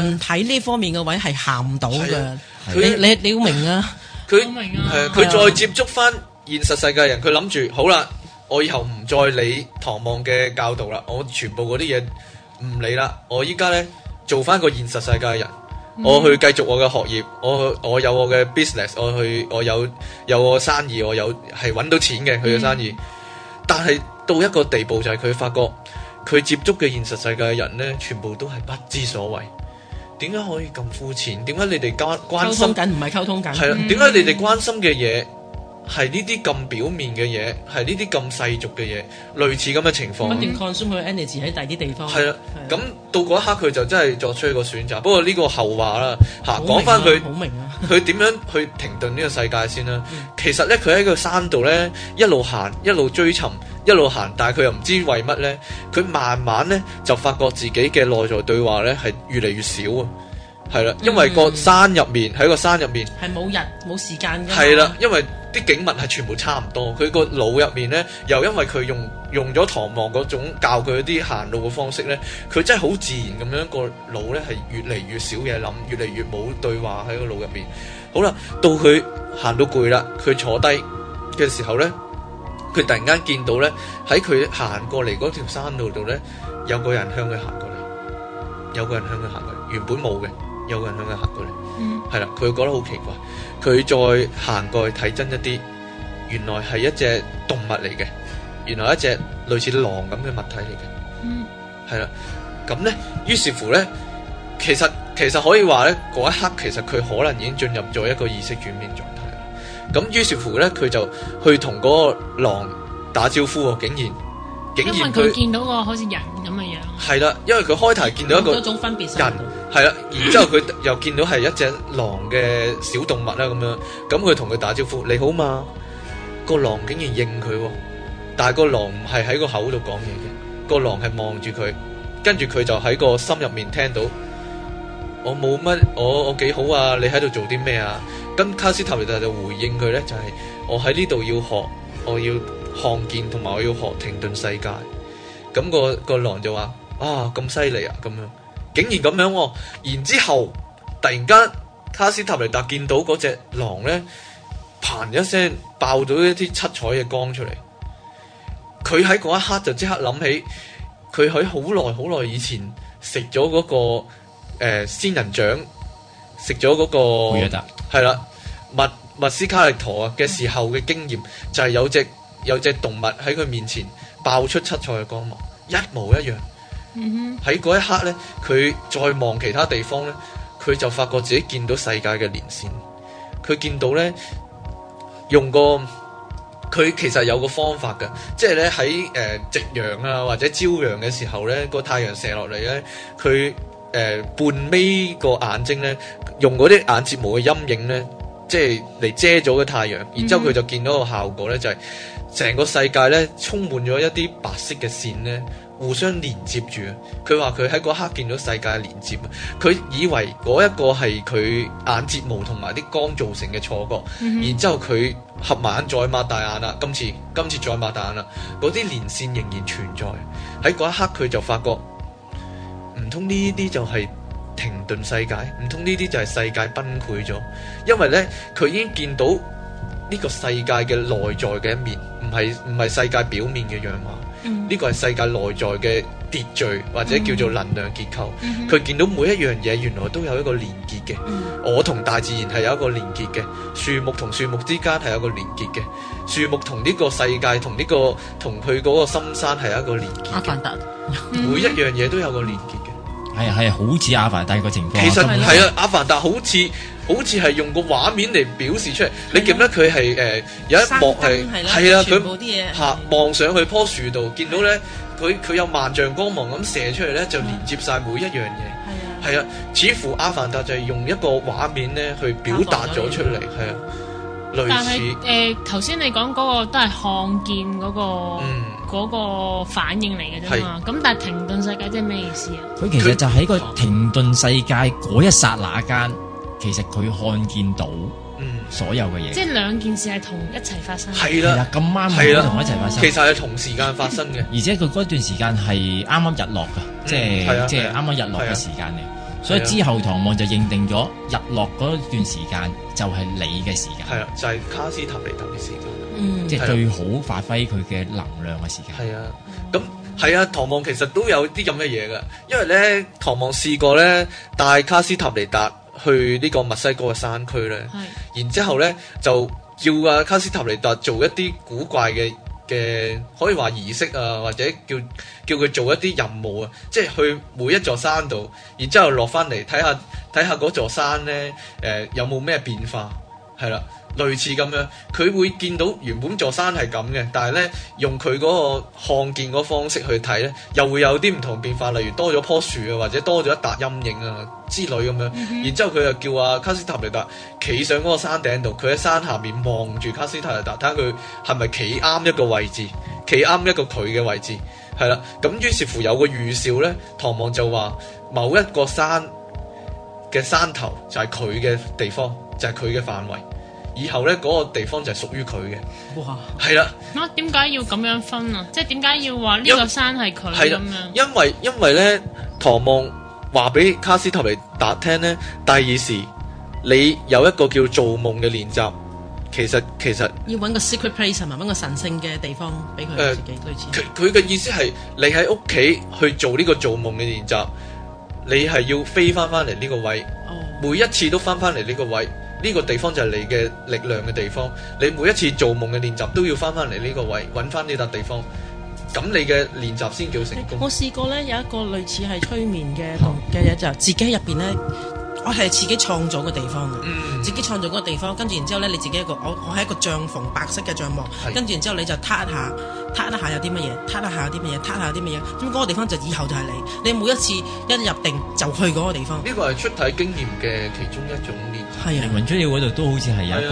啊。喺呢、嗯、方面嘅位係行唔到嘅。佢你你好明啊。佢係佢再接觸翻現實世界人，佢諗住好啦，我以後唔再理唐望嘅教導啦，我全部嗰啲嘢。唔理啦，我依家呢做翻個現實世界嘅人，嗯、我去繼續我嘅學業，我去我有我嘅 business，我去我有有我生意，我有係揾到錢嘅佢嘅生意。嗯、但係到一個地步就係佢發覺，佢接觸嘅現實世界嘅人呢，全部都係不知所謂。點解可以咁膚淺？點解你哋關關心緊唔係溝通緊？係啦，點解是、嗯、你哋關心嘅嘢？係呢啲咁表面嘅嘢，係呢啲咁世俗嘅嘢，類似咁嘅情況。乜點 consume 佢 energy 喺第啲地方、啊？係啦的，咁的到嗰一刻佢就真係作出一個選擇。不過呢個後話啦，嚇講翻佢，好明啊！佢點、啊、樣去停頓呢個世界先啦？ 其實咧，佢喺個山度咧，一路行，一路追尋，一路行，但係佢又唔知為乜咧。佢慢慢咧就發覺自己嘅內在對話咧係越嚟越少啊，係啦，因為個山入面喺個山入面係冇人冇時間嘅。係啦，因為。啲景物係全部差唔多，佢個腦入面咧，又因為佢用用咗唐望嗰種教佢啲行路嘅方式咧，佢真係好自然咁樣個腦咧係越嚟越少嘢諗，越嚟越冇對話喺個腦入面。好啦，到佢行到攰啦，佢坐低嘅時候咧，佢突然間見到咧，喺佢行過嚟嗰條山路度咧，有個人向佢行過嚟，有個人向佢行過嚟，原本冇嘅，有個人向佢行過嚟，係啦，佢、嗯、覺得好奇怪。佢再行過去睇真一啲，原來係一隻動物嚟嘅，原來一隻類似狼咁嘅物體嚟嘅，嗯，係啦。咁咧，於是乎咧，其實其實可以話咧，嗰一刻其實佢可能已經進入咗一個意識轉變狀態啦。咁於是乎咧，佢就去同嗰個狼打招呼，竟然竟然佢見到個好似人咁嘅樣。係啦，因為佢開頭見到一個多種分別。係啊，然之後佢又見到係一隻狼嘅小動物啦，咁樣，咁佢同佢打招呼，你好嘛？個狼竟然應佢，但係個狼唔係喺個口度講嘢嘅，個狼係望住佢，跟住佢就喺個心入面聽到，我冇乜，我我，我幾好啊？你喺度做啲咩啊？咁卡斯塔尼達就回應佢呢就係、是、我喺呢度要學，我要看見，同埋我要學停頓世界。咁、那個個狼就話：啊，咁犀利啊！咁樣。竟然咁樣、哦，然之後突然間，卡斯塔尼達見到嗰隻狼咧，嘭一聲爆咗一啲七彩嘅光出嚟。佢喺嗰一刻就即刻諗起，佢喺好耐好耐以前食咗嗰個誒、呃、仙人掌，食咗嗰個係啦，密斯卡力陀嘅時候嘅經驗、嗯、就係有隻有隻動物喺佢面前爆出七彩嘅光芒，一模一樣。喺嗰 一刻呢，佢再望其他地方呢，佢就發覺自己見到世界嘅連線。佢見到呢，用個，佢其實有個方法㗎，即係呢，喺誒夕陽啊，或者朝陽嘅時候呢，個太陽射落嚟呢，佢、誒、呃、半眯個眼睛呢，用嗰啲眼睫毛嘅陰影呢，即係嚟遮咗個太陽， 然之後佢就見到個效果呢，就係、是、成個世界呢，充滿咗一啲白色嘅線呢，互相連接住，佢話佢喺嗰一刻見到世界連接，啊，佢以為嗰一個係佢眼睫毛同埋啲光造成嘅錯覺，嗯、哼然之後佢合埋眼再擘大眼啦，今次今次再擘大眼啦，嗰啲連線仍然存在，喺嗰一刻佢就發覺，唔通呢啲就係停頓世界，唔通呢啲就係世界崩潰咗，因為咧佢已經見到呢個世界嘅內在嘅一面，唔係唔係世界表面嘅樣貌。呢個係世界內在嘅秩序，或者叫做能量結構。佢、嗯、見到每一樣嘢原來都有一個連結嘅。嗯、我同大自然係有一個連結嘅，樹木同樹木之間係有一個連結嘅，樹木同呢個世界同呢個同佢嗰個深山係有一個連結。阿凡達，每一樣嘢都有個連結嘅。係啊係啊，好似阿凡達個情況。其實係啊，阿凡達好似。的好似係用個畫面嚟表示出嚟，你記得佢係誒有一幕係係啊，佢吓望上去樖樹度，見到咧佢佢有萬丈光芒咁射出嚟咧，就連接晒每一樣嘢。係啊，係啊，似乎阿凡達就係用一個畫面咧去表達咗出嚟。係啊，類似誒，頭先你講嗰個都係看見嗰個個反應嚟嘅啫嘛。咁但係停頓世界即係咩意思啊？佢其實就喺個停頓世界嗰一剎那間。其實佢看見到，嗯，所有嘅嘢，即係兩件事係同一齊發生，係啦，咁啱係啦，同一齊發生，其實係同時間發生嘅，而且佢嗰段時間係啱啱日落噶即係即係啱啱日落嘅時間嚟，所以之後唐望就認定咗日落嗰段時間就係你嘅時間，係啦，就係卡斯塔尼達嘅時間，即係最好發揮佢嘅能量嘅時間，係啊，咁係啊，唐望其實都有啲咁嘅嘢噶因為咧唐望試過咧帶卡斯塔尼達。去呢個墨西哥嘅山區咧，是然之後呢，就叫阿卡斯塔尼達做一啲古怪嘅嘅，可以話儀式啊，或者叫叫佢做一啲任務啊，即係去每一座山度，然之後落翻嚟睇下睇下嗰座山呢，誒、呃、有冇咩變化，係啦。類似咁樣，佢會見到原本座山係咁嘅，但係呢，用佢嗰個看見個方式去睇呢，又會有啲唔同變化，例如多咗棵樹啊，或者多咗一笪陰影啊之類咁樣。嗯、哼然之後佢就叫阿卡斯塔尼達企上嗰個山頂度，佢喺山下面望住卡斯塔尼達，睇下佢係咪企啱一個位置，企啱、嗯、哼一個佢嘅位置。係啦，咁於是乎有個預兆呢，唐望就話某一個山嘅山頭就係佢嘅地方，就係佢嘅範圍。以後咧，嗰、那個地方就係屬於佢嘅。哇！係啦的，點解、啊、要咁樣分啊？即係點解要話呢個山係佢咁樣？因為因為咧，唐望話俾卡斯塔尼達聽咧，第二時你有一個叫做夢嘅練習，其實其實要揾個 secret place 同埋揾個神聖嘅地方俾佢自己類似。佢佢嘅意思係你喺屋企去做呢個做夢嘅練習，你係要飛翻翻嚟呢個位，哦、每一次都翻翻嚟呢個位。呢個地方就係你嘅力量嘅地方，你每一次做夢嘅練習都要翻翻嚟呢個位，揾翻呢笪地方，咁你嘅練習先叫成功。我試過呢，有一個類似係催眠嘅動嘅嘢，就、嗯、自己喺入邊呢。我係自己創造個地方嘅，自己創造嗰個地方，跟住然之後咧，你自己一個，我我喺一個帳篷白色嘅帳幕，跟住然之後你就撻一下，撻一下有啲乜嘢，撻一下有啲乜嘢，撻下有啲乜嘢，咁嗰個地方就以後就係你，你每一次一入定就去嗰個地方。呢個係出體經驗嘅其中一種練習。係啊，靈魂嗰度都好似係有一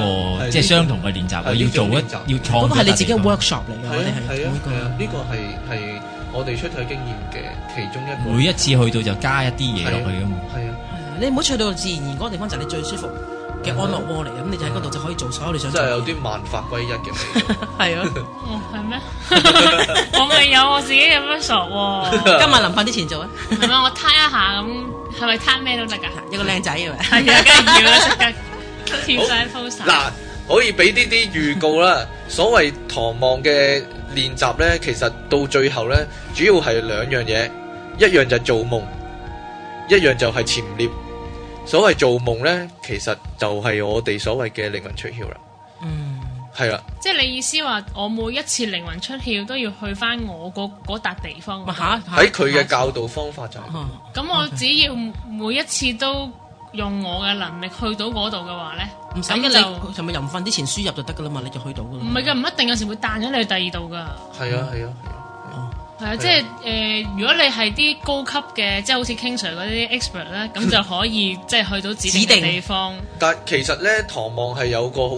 個即係相同嘅練習，要做一要創。嗰個係你自己 workshop 嚟嘅，係每個呢個係係我哋出體經驗嘅其中一個。每一次去到就加一啲嘢落去㗎嘛。你唔好去到自然然嗰個地方，就係、是、你最舒服嘅安樂窩嚟。咁、嗯、你就喺嗰度就可以做所、嗯、有你想做。真係有啲萬法歸一嘅。係 啊，嗯、哦，係咩？ 我咪有我自己嘅不熟、啊。 今日臨瞓之前做啊？係咪我攤一下咁？係咪攤咩都得噶？一個靚仔嘅。係啊， 梗係要啦，即刻跳晒 pose。嗱，可以俾啲啲預告啦。 所謂唐望嘅練習咧，其實到最後咧，主要係兩樣嘢，一樣就係做夢，一樣就係潛獵。所謂做夢咧，其實就係我哋所謂嘅靈魂出竅啦。嗯，係啦了。即係你意思話，我每一次靈魂出竅都要去翻我嗰嗰笪地方、那個？吓，喺佢嘅教導方法就咁，啊啊、我只要每一次都用我嘅能力去到嗰度嘅話咧，唔使就咪又唔瞓之前輸入就得噶啦嘛？你就去到噶啦？唔係噶，唔一定，有時會彈咗你去第二度噶。係啊、嗯，係啊、嗯，係啊。係啊，即係誒、呃，如果你係啲高級嘅，即係好似 King 傾水嗰啲 expert 咧，咁就可以即係 去到指定地方。但係其實咧，唐望係有個好，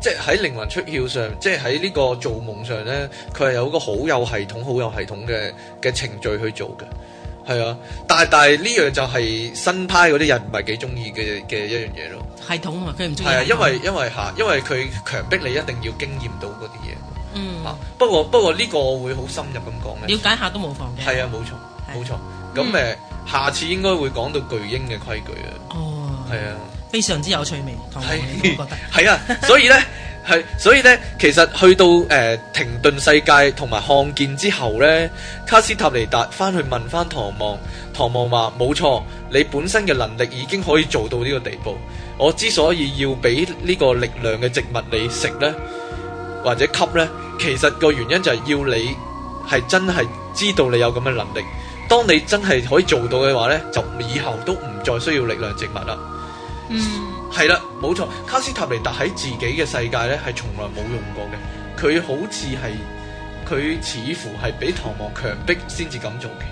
即係喺靈魂出竅上，即係喺呢個做夢上咧，佢係有個好有系統、好有系統嘅嘅程序去做嘅。係啊，但係但係呢樣就係新派嗰啲人唔係幾中意嘅嘅一樣嘢咯。系統啊，佢唔中意。係啊，因為因為嚇，因為佢強迫你一定要經驗到嗰啲嘢。嗯不，不過不過呢個我會好深入咁講嘅，了解下都冇妨嘅。係啊，冇錯，冇錯。咁誒，下次應該會講到巨鷹嘅規矩、哦、啊。哦，係啊，非常之有趣味。唐望覺得係啊，所以呢，係， 所以呢，其實去到誒、呃、停頓世界同埋看見之後呢，卡斯塔尼達翻去問翻唐望，唐望話：冇錯，你本身嘅能力已經可以做到呢個地步。我之所以要俾呢個力量嘅植物你食呢。」或者吸呢，其實個原因就係要你係真係知道你有咁嘅能力。當你真係可以做到嘅話呢，就以後都唔再需要力量植物啦。嗯，係啦，冇錯。卡斯塔尼達喺自己嘅世界呢，係從來冇用過嘅。佢好似係，佢似乎係俾唐望強迫先至咁做嘅。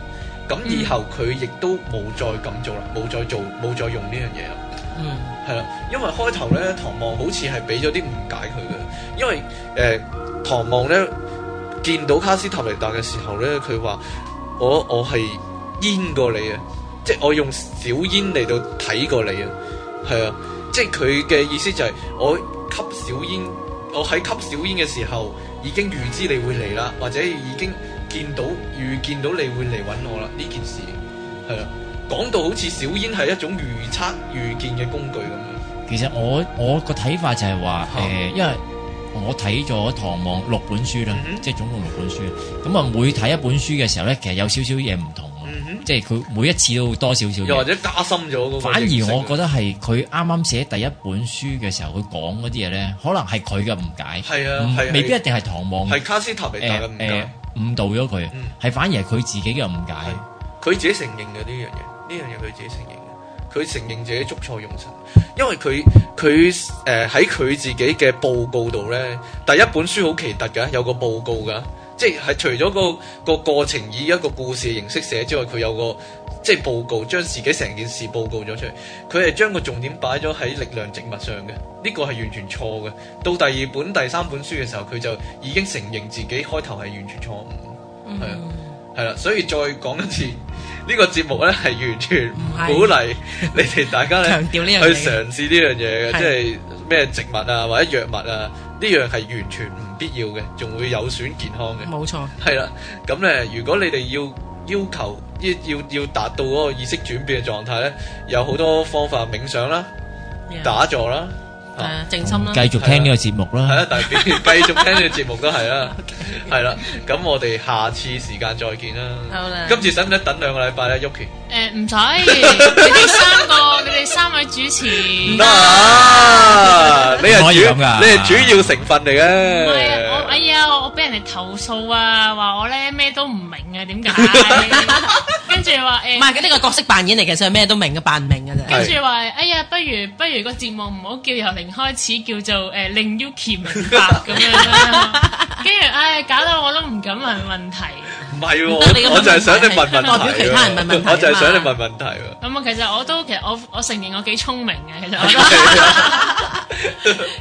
咁以後佢亦都冇再咁做啦，冇再做，冇再用呢樣嘢啦。嗯，係啦， 因為開頭咧，唐望好似係俾咗啲誤解佢嘅，因為誒，唐望咧見到卡斯塔尼達嘅時候咧，佢話我我係煙過你啊，即係我用小煙嚟到睇過你啊，係啊，即係佢嘅意思就係、是、我吸小煙，我喺吸小煙嘅時候已經預知你會嚟啦，或者已經見到預見到你會嚟搵我啦，呢件事係啦。講到好似小煙係一種預測預見嘅工具咁樣，其實我我個睇法就係話，誒，因為我睇咗唐望六本書啦，即係總共六本書，咁啊，每睇一本書嘅時候咧，其實有少少嘢唔同，即係佢每一次都多少少，又或者加深咗。反而我覺得係佢啱啱寫第一本書嘅時候，佢講嗰啲嘢咧，可能係佢嘅誤解，係啊，未必一定係唐望係卡斯塔尼達嘅誤解，誤導咗佢，係反而係佢自己嘅誤解，佢自己承認嘅呢樣嘢。呢樣嘢佢自己承認，佢承認自己捉錯用神，因為佢佢誒喺佢自己嘅報告度呢。第一本書好奇特嘅，有個報告嘅，即係除咗個個過程以一個故事嘅形式寫之外，佢有個即係報告，將自己成件事報告咗出嚟。佢係將個重點擺咗喺力量植物上嘅，呢，這個係完全錯嘅。到第二本、第三本書嘅時候，佢就已經承認自己開頭係完全錯誤，係啊，嗯，係啦，所以再講一次。嗯個節呢個節目咧係完全唔鼓勵你哋大家咧 這去嘗試呢樣嘢嘅，是的 即係咩植物啊或者藥物啊，呢樣係完全唔必要嘅，仲會有損健康嘅。冇錯沒錯，係啦。咁咧，如果你哋要要求要要要達到嗰個意識轉變嘅狀態咧，有好多方法，冥想啦、Yeah 打坐啦。靜心啦，繼續聽呢個節目啦，係啊，大表繼續聽呢個節目都係啊，係啦，咁我哋下次時間再見啦，好啦，今次使唔使等兩個禮拜咧，Yuki？誒，唔使，你哋三個，你哋三位主持，唔得，你係主，你係主要成分嚟嘅。投訴啊，話我咧咩都唔明啊，點解？ 跟住話誒，唔、欸、係，佢呢個角色扮演嚟其實係咩都明嘅，扮唔明嘅咋。跟住話，哎呀，不如不如個節目唔好叫由零開始，叫做誒令 Yuki 明白」咁、呃、樣、啊。 跟住，唉、哎，搞到我都唔敢問問題。唔係，我我就係想你問問題。如果其他人問問題，我就係想你問問題。咁啊，其實我都其實我我承認我幾聰明嘅。其實，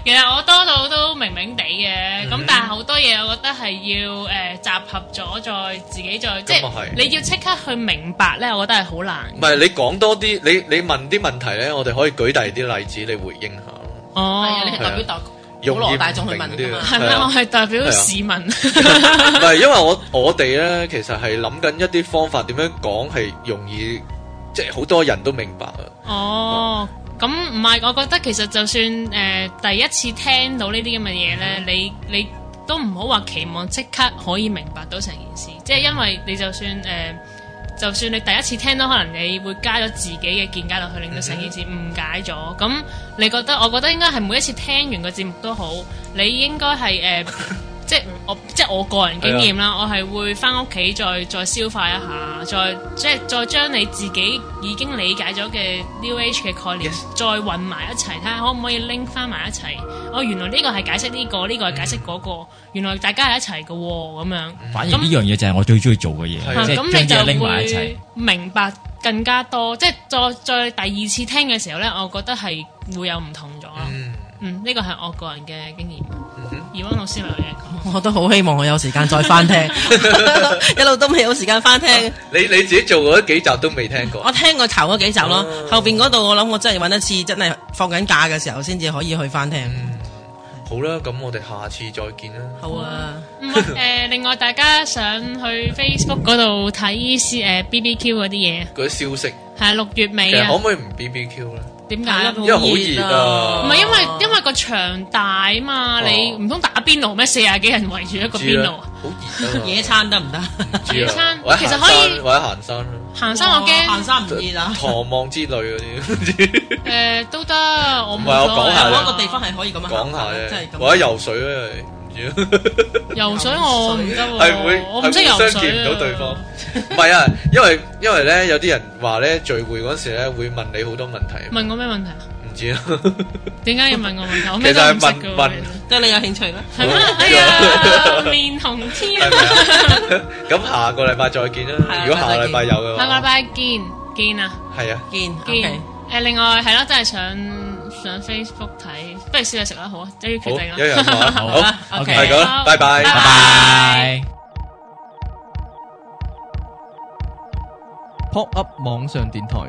其實我多數都明明地嘅。咁但係好多嘢，我覺得係要誒集合咗，再自己再即係你要即刻去明白咧，我覺得係好難。唔係你講多啲，你你問啲問題咧，我哋可以舉大啲例子，你回應下。哦，係啊，你可以代表。好攞大眾去問㗎嘛，係咪我係代表市民，嗯？唔係， 因為我我哋咧，其實係諗緊一啲方法，點樣講係容易，即係好多人都明白啊。哦，咁唔係，我覺得其實就算誒、呃、第一次聽到呢啲咁嘅嘢咧，你你都唔好話期望即刻可以明白到成件事，即係因為你就算誒。呃就算你第一次聽到，可能，你會加咗自己嘅見解落去，令到成件事誤解咗。咁你覺得，我覺得應該係每一次聽完個節目都好，你應該係誒。Uh, 即係我即係我個人經驗啦，的我係會翻屋企再再消化一下，再即係再將你自己已經理解咗嘅 New Age 嘅概念 Yes. 再混埋一齊，睇下可唔可以拎翻埋一齊。哦，原來呢個係解釋呢、這個，呢、這個係解釋嗰、那個，嗯、原來大家係一齊嘅咁樣。反而呢樣嘢就係我最中意做嘅嘢，咁的你就住拎埋一齊，明白更加多。即係再再第二次聽嘅時候咧，我覺得係會有唔同咗咯。嗯，呢個係我個人嘅經驗。而翁老師咪我都好希望我有時間再翻聽， 一路都未有時間翻聽 你。你你自己做過嗰幾集都未聽過、啊。我聽過頭嗰幾集咯，啊、後邊嗰度我諗我真係揾一次，真係放緊假嘅時候先至可以去翻聽、嗯。好啦，咁我哋下次再見啦。好啊，誒， 另外大家上去 Facebook 嗰度睇誒 B、呃、B Q 嗰啲嘢，嗰啲消息係六、啊、月尾可唔可以唔 B B Q 咧？點解？因為好熱啊！唔係因為因為個場大啊嘛，你唔通打邊爐咩？四十幾人圍住一個邊爐，好熱！野餐得唔得？野餐，其實可以。或者行山。行山我驚。行山唔熱啊？唐望之類嗰啲。誒，都得，我唔。唔係我講下咧。喺嗰個地方係可以咁啊。講下咧。或者游水咧。游水我唔得，係會我唔識游水，見唔到對方。唔係啊，因為因為咧有啲人話咧聚會嗰時咧會問你好多問題。問過咩問題啊？唔知啊。點解要問我問題？我其實係問問，對你有興趣咯，係嘛？係啊，面紅添。咁下個禮拜再見啦。如果下個禮拜有嘅話，下個禮拜見見啊。係啊，見見。誒，另外係咯，真係想。上 Facebook 睇，不如試下食啦，好啊，都要決定啦。好，係咁啦，拜拜，拜拜。Pop Up 網上電台，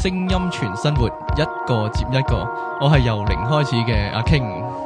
聲音全生活，一個接一個，我係由零開始嘅阿 King。